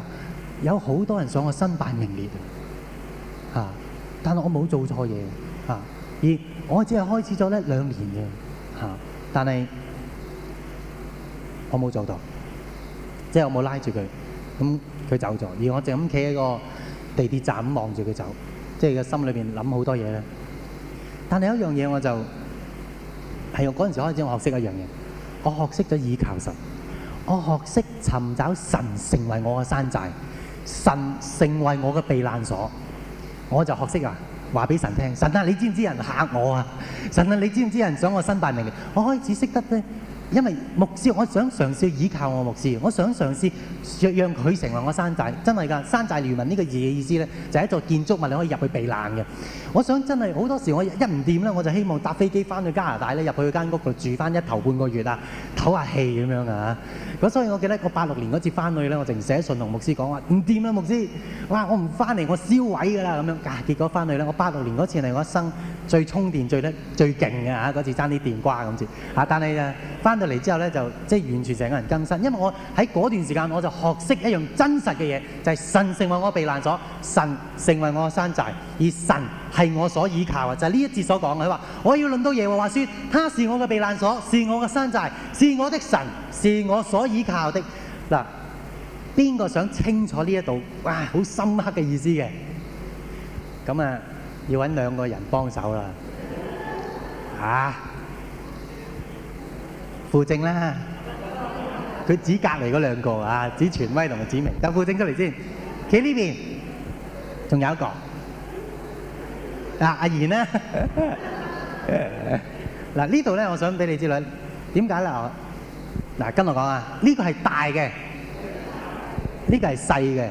有好多人想我身敗名裂、啊、但係我我冇做錯嘢我只係開始咗咧兩年嘅，但係我冇做到，即係我冇拉住佢，咁佢走咗，而我就咁企喺個地鐵站望住佢走，即係個心裏面諗好多嘢咧。但係有一樣嘢，我就係由嗰陣時開始我會，我學識一樣嘢，我學識咗倚靠神，我學識尋找神成為我嘅山寨，神成為我嘅避難所，我就學識啊！話俾神聽，神啊，你知唔知道人嚇我啊？神啊，你知唔知人想我身敗名裂？我開始識得呢。因為牧師，我想嘗試依靠我牧師，我想嘗試讓佢成為我山寨，真係㗎！山寨聯盟呢個字嘅意思咧，就係、是、一座建築物，你可以入去避難嘅。我想真係好多時，我一唔掂咧，我就希望搭飛機翻去加拿大咧，入去間屋度住翻一頭半個月啊，唞下氣咁樣㗎。咁所以我記得我八六年嗰次翻去咧，我淨寫信同牧師講話唔掂啦，牧師，哇！我唔翻嚟，我燒毀㗎啦咁樣。啊，結果翻去咧，我八六年嗰次係我一生最充電、最得、最勁嘅嚇，嗰、啊、次爭啲電瓜咁次啊。但係啊，翻。出嚟之後呢，就即係完全成個人更新。因為我喺嗰段時間，我就學識一樣真實嘅嘢，就係、是、神成為我避難所，神成為我嘅山寨，而神係我所依靠嘅。就係、是、呢一節所講嘅，佢話我要論到耶和華說，他是我嘅避難所，是我嘅山寨，是我的神，是我所依靠的。嗱，邊個想清楚呢一度？哇，好深刻嘅意思嘅。咁啊，要揾兩個人幫手啦。嚇、啊！傅正啦，佢指隔離嗰兩個啊，指權威同埋指明，有傅正出嚟先，企呢邊，仲有一個，嗱阿賢咧，嗱呢度咧，我想俾你知啦，點解啦？我嗱跟我講啊，呢個係大嘅，呢個係細嘅，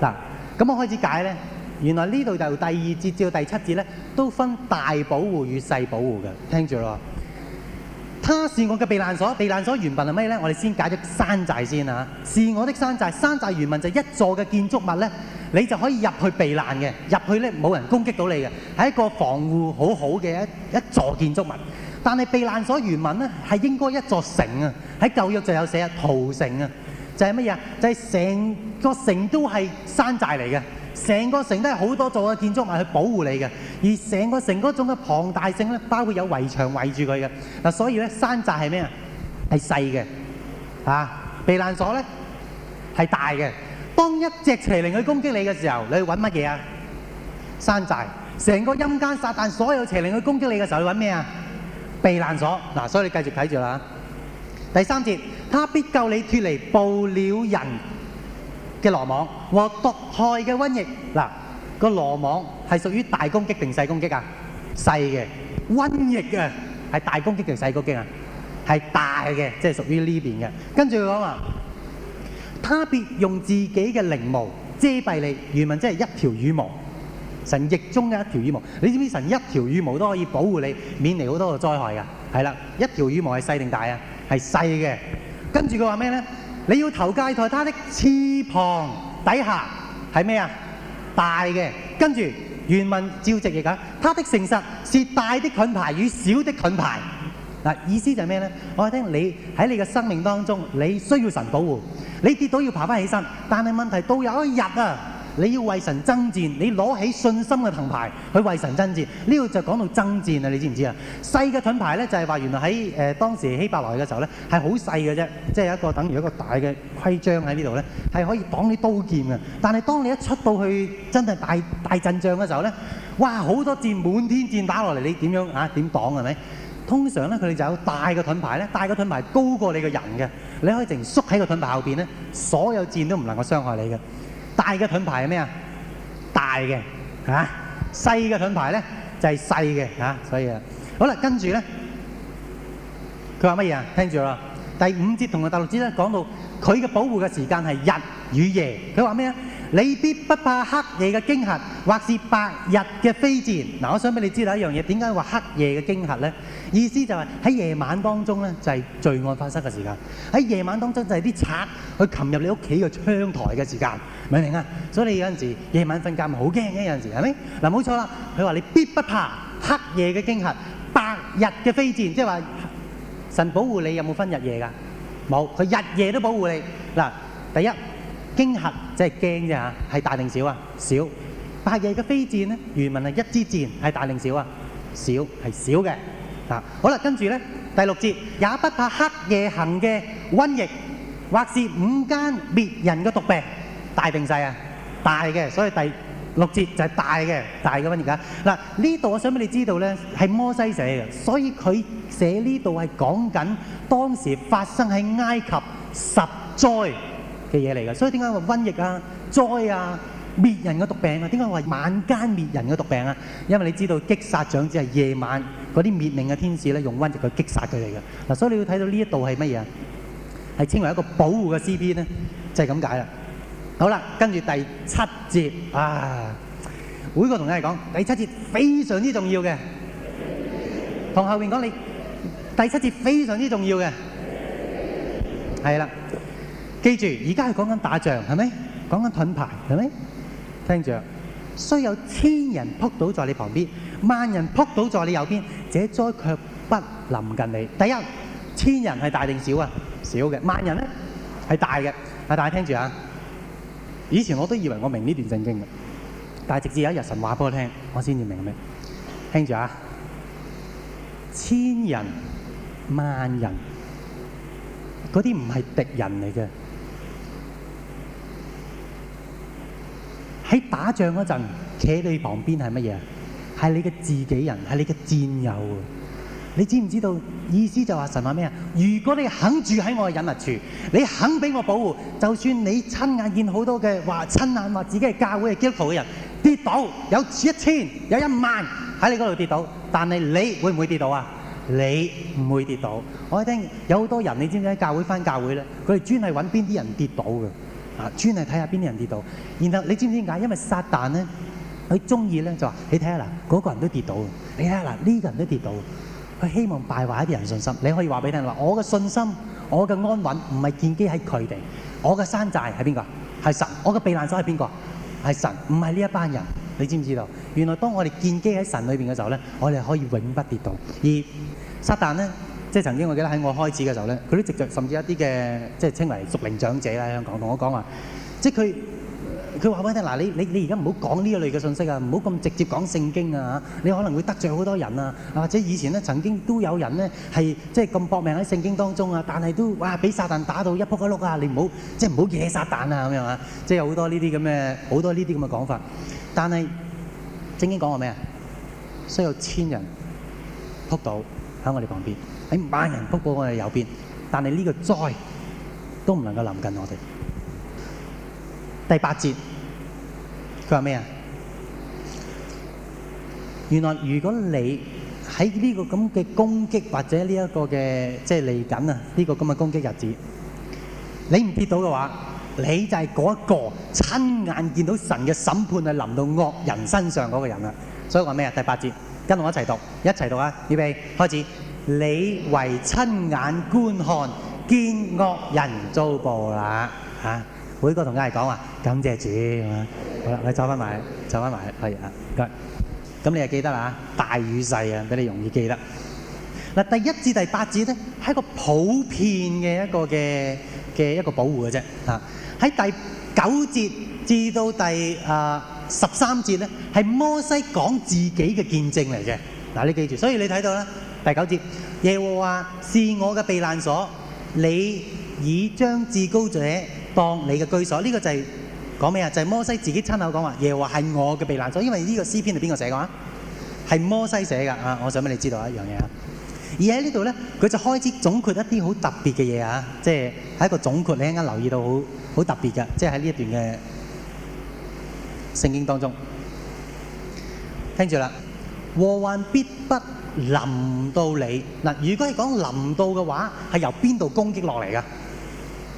嗱咁我開始解咧，原來呢度就由第二節至到第七節咧，都分大保護與細保護嘅，聽住咯。他是我嘅避難所，避難所原文係乜嘢呢？我哋先解釋山寨先啊！是我的山寨，山寨原文就是一座嘅建築物呢，你就可以入去避難嘅，入去咧冇人攻擊到你嘅，係一個防護好好嘅一一座建築物。但係避難所原文呢，係應該一座城啊！喺舊約就有寫，屠城啊，就係乜嘢？就係、是、成個城都係山寨嚟嘅。成個城都係好多座嘅建築物去保護你嘅，而成個城嗰種嘅龐大性咧，包括有圍牆圍住佢嘅嗱，所以咧，山寨係咩啊？係細嘅嚇，避難所咧係大嘅。當一隻邪靈去攻擊你嘅時候，你去揾乜嘢啊？山寨。成個陰間撒旦所有邪靈去攻擊你嘅時候，你揾咩啊？避難所嗱，所以你繼續睇住啦。第三節，他必救你脫離捕鳥人嘅羅網和毒害嘅瘟疫，嗱，個羅網係屬於大攻擊定細攻擊啊？細嘅。瘟疫啊，係大攻擊定細攻擊啊？係大嘅，即係屬於呢邊嘅。跟住佢講話，他別用自己嘅翎毛遮蔽你，原文即係一條羽毛，神翼中嘅一條羽毛。你知唔知神一條羽毛都可以保護你，免離好多個災害㗎？係啦，一條羽毛係細定大啊？係細嘅。跟住佢話咩呢？你要投靠在他的翅膀底下是咩啊？大嘅，跟住原文照直譯講，他的誠實是大的盾牌與小的盾牌。嗱、啊，意思就是咩咧？我聽你喺你嘅生命當中，你需要神保護，你跌倒要爬翻起身，但是問題到有一日啊。你要為神爭戰，你攞起信心嘅盾牌去為神爭戰。呢個就講到爭戰喇，你知唔知呀？細嘅盾牌呢，就係話原來喺誒、呃、當時希伯來嘅時候呢，係好細嘅啫，即、就、係、是、一個等於一個大嘅盔章喺呢度是係可以擋你刀劍嘅。但係當你一出到去真係大大陣仗嘅時候呢，哇！好多箭滿天箭打落嚟，你點樣啊？點擋係咪？通常呢，佢哋就有大嘅盾牌呢，大嘅盾牌高過你個人嘅，你可以直縮喺個盾牌後面呢，所有箭都唔能夠傷害你嘅。大嘅盾牌係咩？大嘅嚇，細嘅盾牌呢就係細嘅，所以啊，好啦，跟住呢，佢話乜嘢啊？聽住啦，第五節同第六節呢講到佢嘅保護嘅時間係日與夜，佢話咩？你必不怕黑夜嘅驚嚇，或是白日嘅飛箭，啊。我想俾你知道一樣嘢，點解話黑夜嘅驚嚇呢？意思就係喺夜晚當中呢，就係罪案發生嘅時間；喺夜晚當中就係啲賊去擒入你屋企嘅窗台嘅時間。明唔明啊？所以你有陣時夜晚瞓覺咪好驚嘅，有陣時係咪？嗱，冇、啊、錯啦，佢話你必不怕黑夜嘅驚嚇，白日嘅飛箭，即係話神保護你有冇分日夜㗎？冇，佢日夜都保護你。嗱、啊，第一。驚嚇即係驚啫嚇，係、啊、大定小啊？小。白日嘅飛箭呢，原文係一支箭，係大定小啊？小？係小嘅、啊。好啦，跟住呢，第六節，也不怕黑夜行嘅瘟疫，或是午間滅人嘅毒病，大定細啊？大嘅。所以第六節就係大嘅大嘅瘟疫啊。嗱、啊，呢度我想俾你知道呢，係摩西寫嘅，所以佢寫呢度係講緊當時發生喺埃及十災。嘅嘢嚟噶，所以點解話瘟疫啊、災啊、滅人嘅毒病啊？點解話晚間滅人嘅毒病啊？因為你知道擊殺長子係夜晚，嗰啲滅命嘅天使咧，用瘟疫去擊殺佢哋嘅嗱，所以你要睇到呢一度係乜嘢？係稱為一個保護嘅詩篇咧，就係咁解啦。好啦，跟住第七節啊，每個同你係講第七節非常之重要嘅，同後面講你第七節非常之重要嘅，係啦。記住，而家係講緊打仗，係咪？講緊盾牌，係咪？聽住啊，雖有千人撲倒在你旁邊，萬人撲倒在你右邊，這災卻不臨近你。第一，千人係大定少啊，少嘅；萬人呢？係大嘅。大家聽住啊！以前我都以為我明呢段聖經嘅，但係直至有一日神話俾我聽，我先至明白。聽住啊！千人、萬人，嗰啲唔係敵人嚟嘅。喺打仗嗰陣，企你旁邊係乜嘢？係你嘅自己人，係你嘅戰友。你知唔知道意思？就係話神話咩啊？如果你肯住喺我嘅隱密處，你肯俾我保護，就算你親眼見好多嘅話，親眼話自己係教會嘅基督徒嘅人跌倒，有一千，有一萬喺你嗰度跌倒，但係你會唔會跌倒啊？你唔會跌倒。我聽有好多人，你知唔知喺教會翻教會咧？佢哋專係揾邊啲人跌倒嘅。專係睇下邊啲人跌倒，然後你知唔知點解？因為撒旦咧，佢中意咧就話：你睇下嗱，嗰、那個人都跌倒；你睇下嗱，呢、這個人都跌倒。佢希望敗壞一啲人信心。你可以話俾佢聽話：我嘅信心，我嘅安穩，唔係建基喺佢哋。我嘅山寨係邊個？係神。我嘅避難所係邊個？係神。唔係呢一班人。你知唔知道？原來當我哋建基喺神裏邊嘅時候咧，我哋可以永不跌倒。而撒旦咧。即係曾經，我記得喺我開始嘅時候咧，佢都直接甚至一啲嘅即係稱為熟齡長者啦，喺香港同我講話，即係佢佢話俾你聽，嗱，你你你而家唔好講呢一類嘅信息啊，唔好咁直接講聖經啊嚇，你可能會得罪好多人啊，或者以前咧曾經都有人咧係即係咁搏命喺聖經當中啊，但係都哇俾撒旦打到一撲一碌啊！你唔好即係唔好惹撒旦啊咁樣啊，即係有好多呢啲咁嘅好多呢啲咁嘅講法。但係正經講話咩啊？需要千人撲到喺我哋旁邊。喺、哎、萬人仆倒我哋右邊，但係呢個災都唔能夠臨近我哋。第八節，佢話咩呀？原來如果你喺呢個咁嘅攻擊或者呢一個嘅即係嚟緊啊，呢、就是、個咁嘅攻擊日子，你唔跌倒嘅話，你就係嗰一個親眼見到神嘅審判係臨到惡人身上嗰個人啦。所以我話咩呀？第八節，跟我一齊讀，一齊讀啊！預備開始。你為親眼觀看，見惡人遭報啦嚇！每個同家係講話感謝主，好啦，你走翻埋，走翻埋係啊，咁咁你就記得啦嚇？大與細啊，俾你容易記得嗱。第一至第八節咧係一個普遍嘅一個嘅嘅一個保護嘅啫嚇。喺第九節至到第啊十三節咧係摩西講自己嘅見證嚟嘅嗱，你記住，所以你睇到咧。第九節，耶和華是我嘅避難所，你已將至高者當你嘅居所，呢、這個就係講咩啊？就係、是、摩西自己親口講話，耶和華係我嘅避難所，因為呢個詩篇係邊個寫嘅啊？係摩西寫嘅。我想俾你知道一樣嘢。而喺呢度呢，佢就開始總括一啲好特別嘅嘢啊！即係喺一個總括，你啱啱留意到好好特別嘅，即係喺呢一段嘅聖經當中，聽住啦，禍患必不。臨到你，如果係講臨到的話，是由邊度攻擊下來的，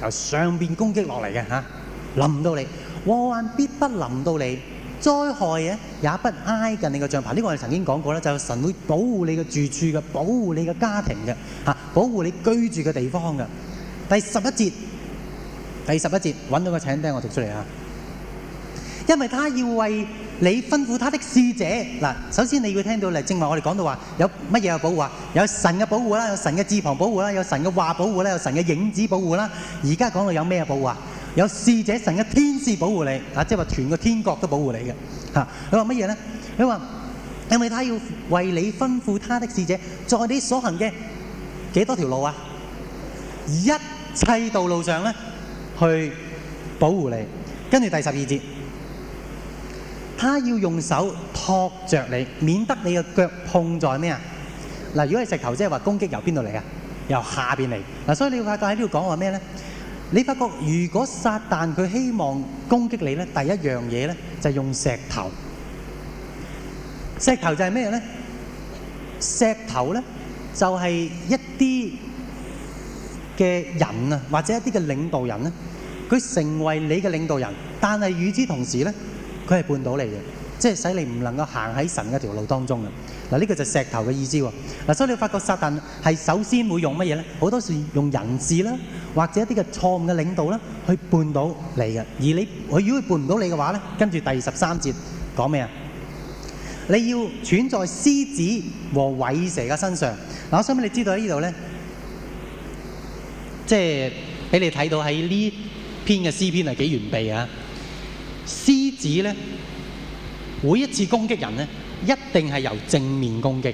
由上面攻擊下來的吓，臨到你，禍患必不臨到你，災害也不挨近你的帳棚。呢、這個我哋曾經講過，就是神會保護你的住處嘅，保護你的家庭嘅，保護你居住的地方嘅。第十一節，第十一節，找到個請聽我讀出來啊，因為他要為。你吩咐他的使者嗱，首先你會聽到嚟，正話我哋講到話有乜嘢嘅保護啊？有神嘅保護啦，有神嘅翅膀保護啦，有神嘅話保護啦，有神嘅影子保護啦。而家講到有咩嘢保護啊？有使者神嘅天使保護你啊，即係話全個天國都保護你嘅嚇。佢話乜嘢咧？佢說因為他要為你吩咐他的使者，在你所行嘅幾多條路啊，一切道路上咧去保護你。跟住第十二節。他要用手托著你，免得你嘅腳碰在咩啊？嗱，如果係石頭，即係話攻擊由邊度嚟啊？由下邊嚟。嗱，所以你發覺喺呢度講話咩咧？你發覺如果撒但佢希望攻擊你咧，第一樣嘢咧就係用石頭。石頭就係咩咧？石頭咧就係一啲嘅人啊，或者一啲嘅領導人咧，佢成為你嘅領導人，但係與之同時咧。佢係絆到你嘅，即係使你唔能夠行喺神嘅條路當中啊。嗱，呢個就是石頭嘅意思喎。所以你發覺撒旦係首先會用乜嘢呢？好多時候用人事啦，或者一啲嘅錯誤嘅領導啦，去絆到你嘅。而你佢如果絆唔到你嘅話呢，跟住第十三節講咩呀？你要踹在獅子和虺蛇嘅身上。我想你知道喺呢度呢，即係俾你睇到喺呢篇嘅詩篇係幾完備啊！獅子呢，每一次攻擊人呢，一定係由正面攻擊嘅。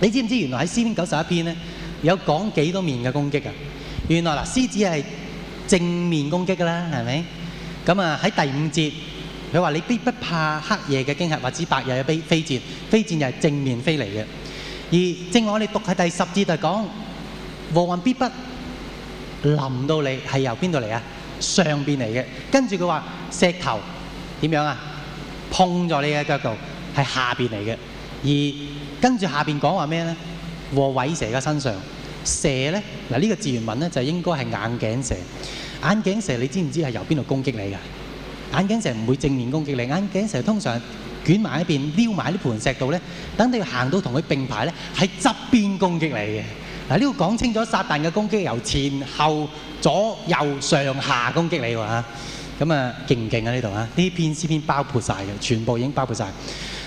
你知唔知原來喺《詩篇》九十一篇呢，有講幾多面嘅攻擊啊？原來嗱，獅子係正面攻擊㗎啦，係咪？咁啊喺第五節，佢話你必不怕黑夜嘅驚嚇，或者白日嘅飛飛箭。飛箭就係正面飛嚟嘅。而正我哋讀喺第十節就是講，禍患必不臨到你，係由邊度嚟啊？上邊嚟嘅。跟住佢話石頭點樣啊？碰咗你嘅腳度，係下邊嚟嘅，而跟住下邊講話咩呢？和虺蛇嘅身上蛇呢，嗱、這、呢個自然文呢，就應該係眼鏡蛇。眼鏡蛇你知唔知係由邊度攻擊你㗎？眼鏡蛇唔會正面攻擊你，眼鏡蛇通常捲埋一邊，撩埋呢啲盤石度呢，等你行到同佢並排呢，係側邊攻擊你嘅。嗱，呢度講清楚撒旦嘅攻擊由前後左右上下攻擊你喎，咁啊，勁唔勁啊？呢度啊，呢篇詩篇包括晒，嘅，全部已經包括晒。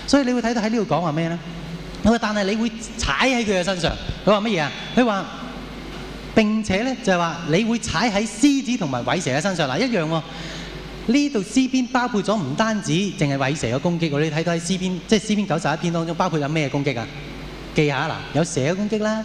所以你會睇到喺呢度講話咩咧？佢、啊、但係你會踩喺佢嘅身上，佢話乜嘢啊？佢話並且咧就係、是、話你會踩喺獅子同埋虺蛇嘅身上嗱、啊，一樣喎、啊。呢度詩篇包括咗唔單止淨係虺蛇嘅攻擊、啊、你睇到喺詩篇，即係詩篇九十一篇當中包括有咩攻擊啊？記下嗱、啊，有蛇嘅攻擊啦。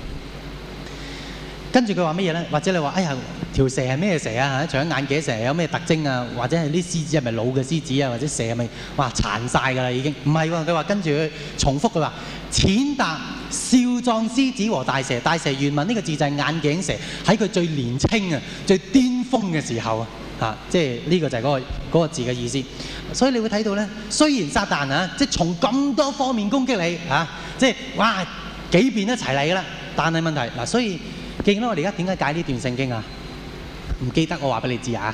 跟住佢話乜嘢咧？或者你話：哎呀，條蛇係咩蛇啊？除咗眼鏡蛇有咩特徵啊？或者係啲獅子係咪老嘅獅子啊？或者蛇係咪哇殘晒㗎啦已經了了？唔係喎，佢話跟住佢重複佢話踐踏少壯獅子和大蛇，大蛇原文呢、這個字就係眼鏡蛇，喺佢最年青啊、最巔峰嘅時候啊，即係呢個就係嗰、那個那個字嘅意思。所以你會睇到咧，雖然撒旦啊，即係從咁多方面攻擊你、啊、即係哇幾遍一齊嚟㗎啦。但係問題嗱、啊，所以記唔記得我哋而家點解解呢段聖經啊？唔記得我話畀你知啊！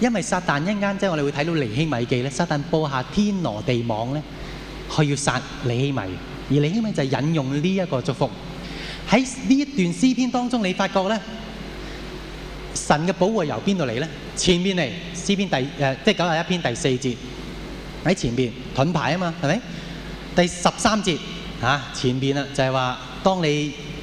因為撒旦一啱即係我哋會睇到尼希米記撒旦播下天羅地網，他佢要殺尼希米。而尼希米就是引用呢一個祝福喺呢一段詩篇當中，你發覺呢神嘅保護由邊度嚟呢？前面嚟，詩篇第即九十一篇第四節喺前面盾牌吖嘛，係咪？第十三節、啊、前面就是說當你。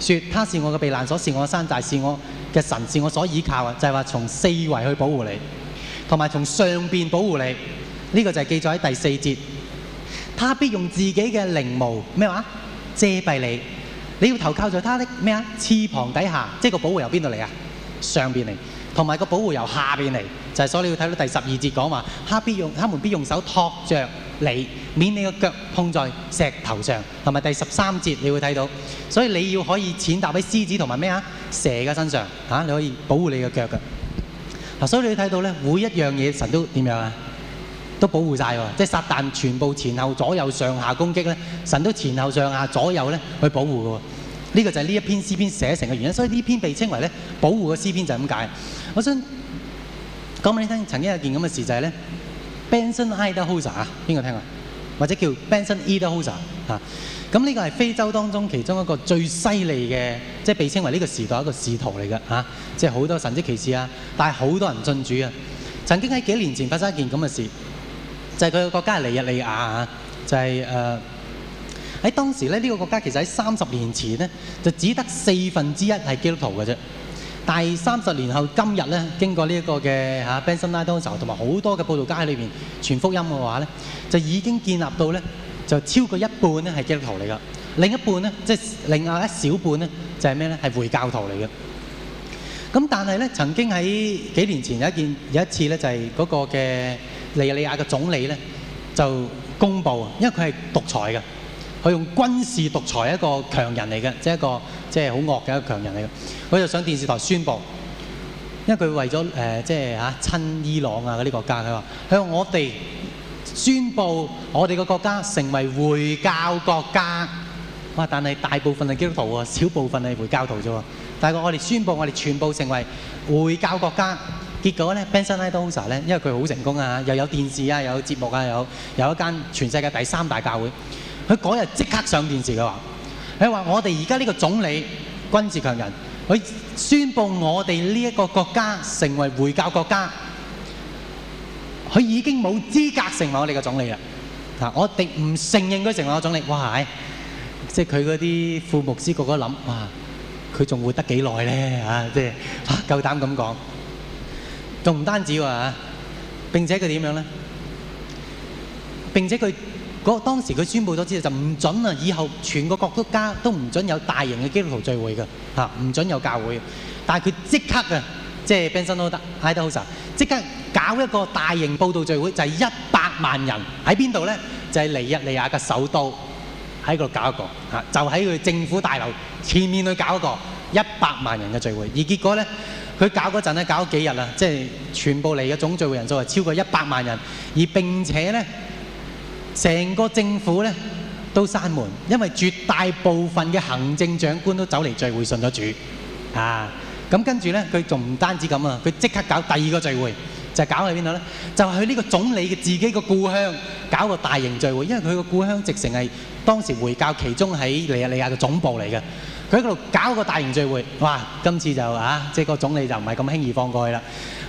說他是我嘅避難所，是我嘅山寨，是我嘅神，是我所倚靠的。就係話從四圍去保護你，同埋從上面保護你。呢、這個就係記載喺第四節。他必用自己嘅翎毛咩話遮蔽你，你要投靠在他的咩啊翅膀底下。即係個保護由邊度嚟呀？上面嚟，同埋個保護由下面嚟。就係、是、所以你要睇到第十二節講話，他必用他們必用手托着。」你免你個腳碰在石頭上，同埋第十三節你會睇到，所以你要可以踐踏喺獅子同埋咩啊蛇嘅身上，你可以保護你嘅腳嘅。所以你睇到咧，每一樣嘢神都點樣啊？都保護曬喎，即係撒旦全部前後左右上下攻擊咧，神都前後上下左右咧去保護嘅。呢個就係呢一篇詩篇寫成嘅原因，所以呢篇被稱為咧保護嘅詩篇就係咁解。我想講俾你聽，曾經有件咁嘅事就係咧。Benson Idahosa 啊，邊個聽啊？或者叫 Benson Idahosa 咁呢、啊、個係非洲當中其中一個最犀利嘅，即、就、係、是、被稱為呢個時代一個使徒嚟嘅，即係好多神蹟奇事啊，但係好多人進主啊。曾經喺幾年前發生一件咁嘅事，就係、是、佢國家係尼日利亞啊，就係誒喺當時咧呢、這個國家其實喺三十年前咧就只得四分之一係基督徒嘅啫。第三十年後今日咧，經過呢、這、一個嘅嚇 Benson Idahosa 同埋好多嘅佈道家喺裏邊傳福音嘅話呢，就已經建立到呢，就超過一半咧係基督徒嚟㗎，另一半呢，即、就、係、是、另外一小半咧就係咩咧？係回教徒嚟嘅。咁但係咧曾經喺幾年前有一件有一次咧就係、是、嗰個嘅利利亞嘅總理咧就公布，因為佢係獨裁㗎。佢用軍事獨裁一個強人嚟嘅，即係一個即係好惡嘅一個強人嚟嘅。佢就上電視台宣佈，因為佢為咗誒即係嚇親伊朗啊嗰啲國家，佢話向我哋宣佈我哋個國家成為回教國家。哇！但係大部分係基督徒啊，少部分係回教徒啫喎。但係我哋宣佈我哋全部成為回教國家，結果咧 Benson Idahosa 咧，因為佢好成功啊，又有電視啊，又有節目啊，有有一間全世界第三大教會。佢嗰日即刻上電視嘅話，佢話我哋而家呢個總理軍事強人，佢宣佈我哋呢一個國家成為回教國家，佢已經冇資格成為我哋嘅總理啦。嗱，我哋唔承認佢成為我總理。哇係，即係佢嗰啲副牧師個個諗啊，佢仲活得幾耐咧啊？即係啊夠膽咁講，仲唔單止喎啊！並且佢點樣咧？並且佢。嗰當時佢宣布咗之後就唔準啦，以後全個國家都唔準有大型嘅基督徒聚會嘅嚇，唔準有教會。但係佢即刻啊，即係 Benson Idahosa 即刻搞一個大型佈道聚會，就係、是、一百萬人喺邊度呢？就喺、是、尼日利亞嘅首都喺嗰度搞一個就喺佢政府大樓前面去搞一個一百萬人嘅聚會。而結果呢，佢搞嗰陣咧搞幾日啦，即係全部嚟嘅總聚會人數係超過一百萬人，而並且呢。成個政府咧都閂門，因為絕大部分嘅行政長官都走嚟聚會信咗主啊！咁跟住咧，佢仲唔單止咁啊，佢即刻搞第二個聚會，就係、是、搞喺邊度咧？就係、是、去呢個總理嘅自己嘅故鄉搞個大型聚會，因為佢嘅故鄉直情係當時回教其中喺尼日利亞嘅總部嚟嘅。佢喺嗰度搞個大型聚會，哇！今次就啊，即、就、係、是、個總理就唔係咁輕易放過去啦。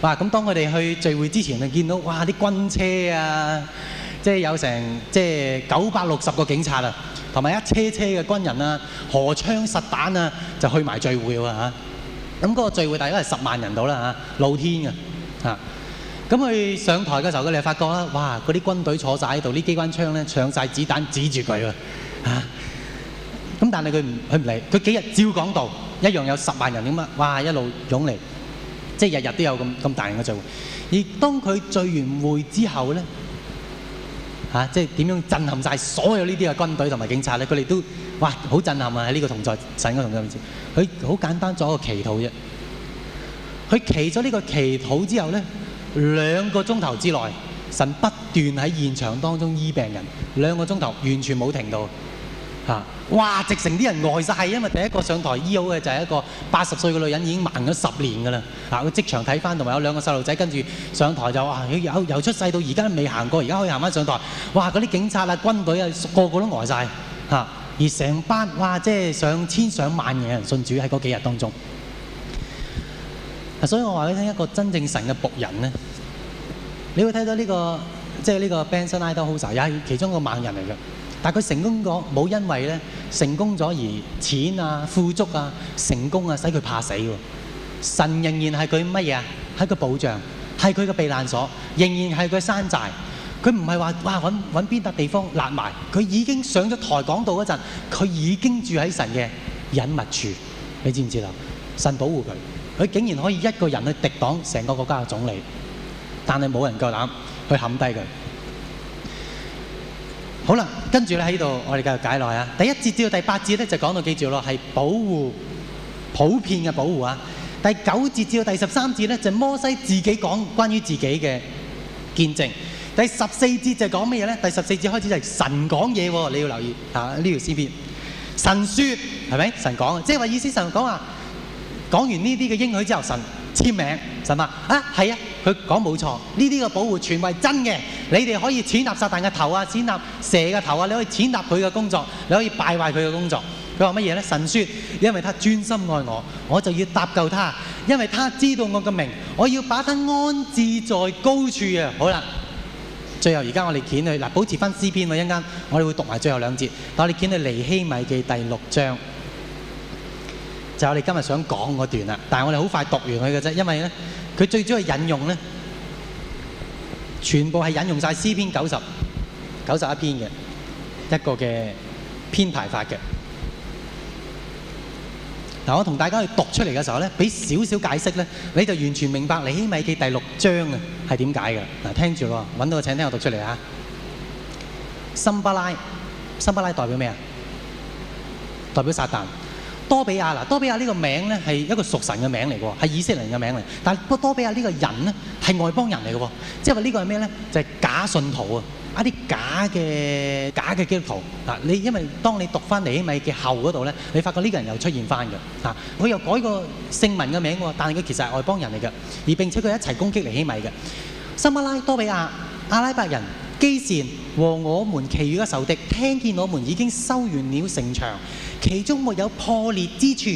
哇、啊！咁當我哋去聚會之前，就見到哇啲軍車啊！即係有成即係九百六十個警察啊，同埋一車車嘅軍人啊，荷槍實彈啊，就去埋聚會喎嚇。咁嗰個聚會大概係十萬人度啦嚇，露天嘅、啊、嚇。咁、啊、佢上台嘅時候，佢哋發覺啊，哇！嗰啲軍隊坐晒喺度，啲機關槍咧，搶晒子彈指住佢喎嚇。咁、啊、但係佢唔佢唔嚟，佢幾日照講道，一樣有十萬人點啊？哇！一路湧嚟，即係日日都有咁咁大型嘅聚會。而當佢聚完會之後咧。啊、即係點樣震撼晒所有呢啲嘅軍隊同埋警察呢？佢哋都哇，好震撼啊！喺呢個同在神嘅同在面前，佢好簡單做一個祈禱啫。佢祈咗呢個祈禱之後呢，兩個鐘頭之內，神不斷喺現場當中醫病人，兩個鐘頭完全冇停到啊。哇！直情啲人呆晒，因為第一個上台醫好嘅就係一個八十歲嘅女人，已經盲咗十年㗎喇。啊！佢即場睇翻，同埋有兩個細路仔跟住上台就話：由由出世到而家都未行過，而家可以行返上台。哇！嗰啲警察啊、軍隊啊，個個都呆晒。嚇、啊。而成班哇，即係上千上萬嘅人，人信主喺嗰幾日當中。所以我話俾你聽，一個真正神嘅僕人咧，你會睇到呢、這個即係呢個 Benson Idahosa 也係其中一個盲人嚟嘅。但佢成功過沒冇因為呢，成功咗而錢啊、富足啊、成功啊使佢怕死喎。神仍然係佢乜嘢？係佢保障，係佢嘅避難所，仍然係佢山寨。佢唔係話哇，揾邊笪地方揦埋。佢已經上咗台講道嗰陣，佢已經住喺神嘅隱密處。你知唔知道？神保護佢，佢竟然可以一個人去敵擋成個國家嘅總理，但係冇人夠膽去撼低佢。好啦，跟住咧喺度，我哋繼續解耐啊。第一節至到第八節咧就講到記住咯，係保護普遍嘅保護啊。第九節至到第十三節咧就摩西自己講關於自己嘅見證。第十四節就講咩嘢咧？第十四節開始就係神講嘢喎、哦，你要留意嚇呢條書面。啊這個、CV，神説，係咪？神講，即係話意思神講話講完呢啲嘅應許之後，神簽名，神啊啊係啊。佢講冇錯，呢啲嘅保護全為真嘅。你哋可以踐踏撒但嘅頭啊，踐踏蛇嘅頭啊，你可以踐踏佢嘅工作，你可以敗壞佢嘅工作。佢話乜嘢咧？神説：因為他專心愛我，我就要搭救他。因為他知道我嘅名，我要把他安置在高處啊！好啦，最後而家我哋剪佢嗱，保持返詩篇喎，一陣間我哋會讀埋最後兩節。但我哋剪去尼希米記第六章，就係我哋今日想講嗰段啦。但係我哋好快讀完佢嘅啫，因為咧。佢最主要是引用呢，全部係引用曬《詩篇》九十、九十一篇嘅一個嘅編排法嘅。我同大家去讀出嚟嘅時候咧，俾少少解釋呢，你就完全明白《尼希米記》第六章是係點解嘅。聽聽住喎，搵到個請聽我讀出嚟啊！森巴拉，森巴拉代表咩么？代表撒旦。多比亞嗱，多比亞呢個名咧係一個屬神嘅名嚟嘅喎，係以色列人嘅名嚟。但係多多比亞呢個人咧係外邦人嚟嘅喎，即係話呢個係咩咧？就係、是、假信徒啊！一啲假嘅假嘅基督徒嗱，你因為當你讀翻尼希米嘅後嗰度咧，你發覺呢個人又出現翻嘅啊，佢又改個姓文嘅名喎，但係佢其實係外邦人嚟嘅，而並且佢一齊攻擊尼希米嘅。參巴拉、多比亞、阿拉伯人。基善和我們其餘嘅仇敵，聽見我們已經修完了城牆，其中沒有破裂之處。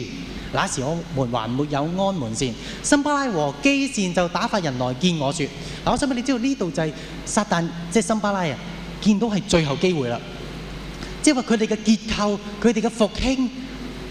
那時我們還沒有安門扇，森巴拉和基善就打發人來見我，說：我想俾你知道呢度就係撒旦，即係森巴拉啊，見到係最後機會啦，即係話佢哋嘅結構，佢哋嘅復興。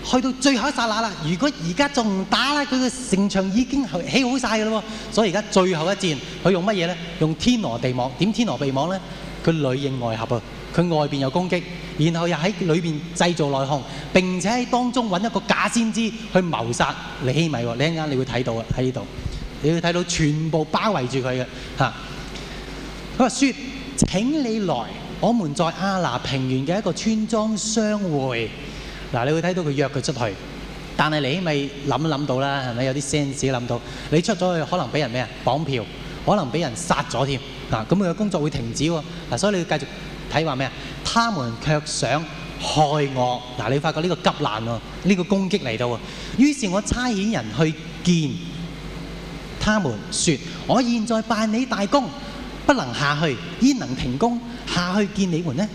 去到最後一剎那啦！如果而家仲唔打啦，佢個城牆已經起好晒㗎咯喎！所以而家最後一戰，佢用乜嘢咧？用天羅地網，點天羅地網咧？佢裏應外合啊！佢外邊有攻擊，然後又喺裏邊製造內訌，並且喺當中揾一個假先知去謀殺尼希米喎！你一陣間你會睇到啊！喺呢度，你會睇到全部包圍住佢嘅嚇。佢話，説請你來，我們在阿拿平原嘅一個村莊相會。嗱，你會睇到佢約佢出去，但係你咪諗都諗到啦，係咪有啲 sense 諗到？你出咗去可能俾人咩啊？綁票，可能俾人殺咗添啊！咁佢嘅工作會停止喎。嗱，所以你要繼續睇話咩啊？他們卻想害我。嗱，你發覺呢個急難喎，呢個攻擊嚟到啊！於是，我差遣人去見他們，說：我現在辦理大工，不能下去，焉能停工，下去見你們呢？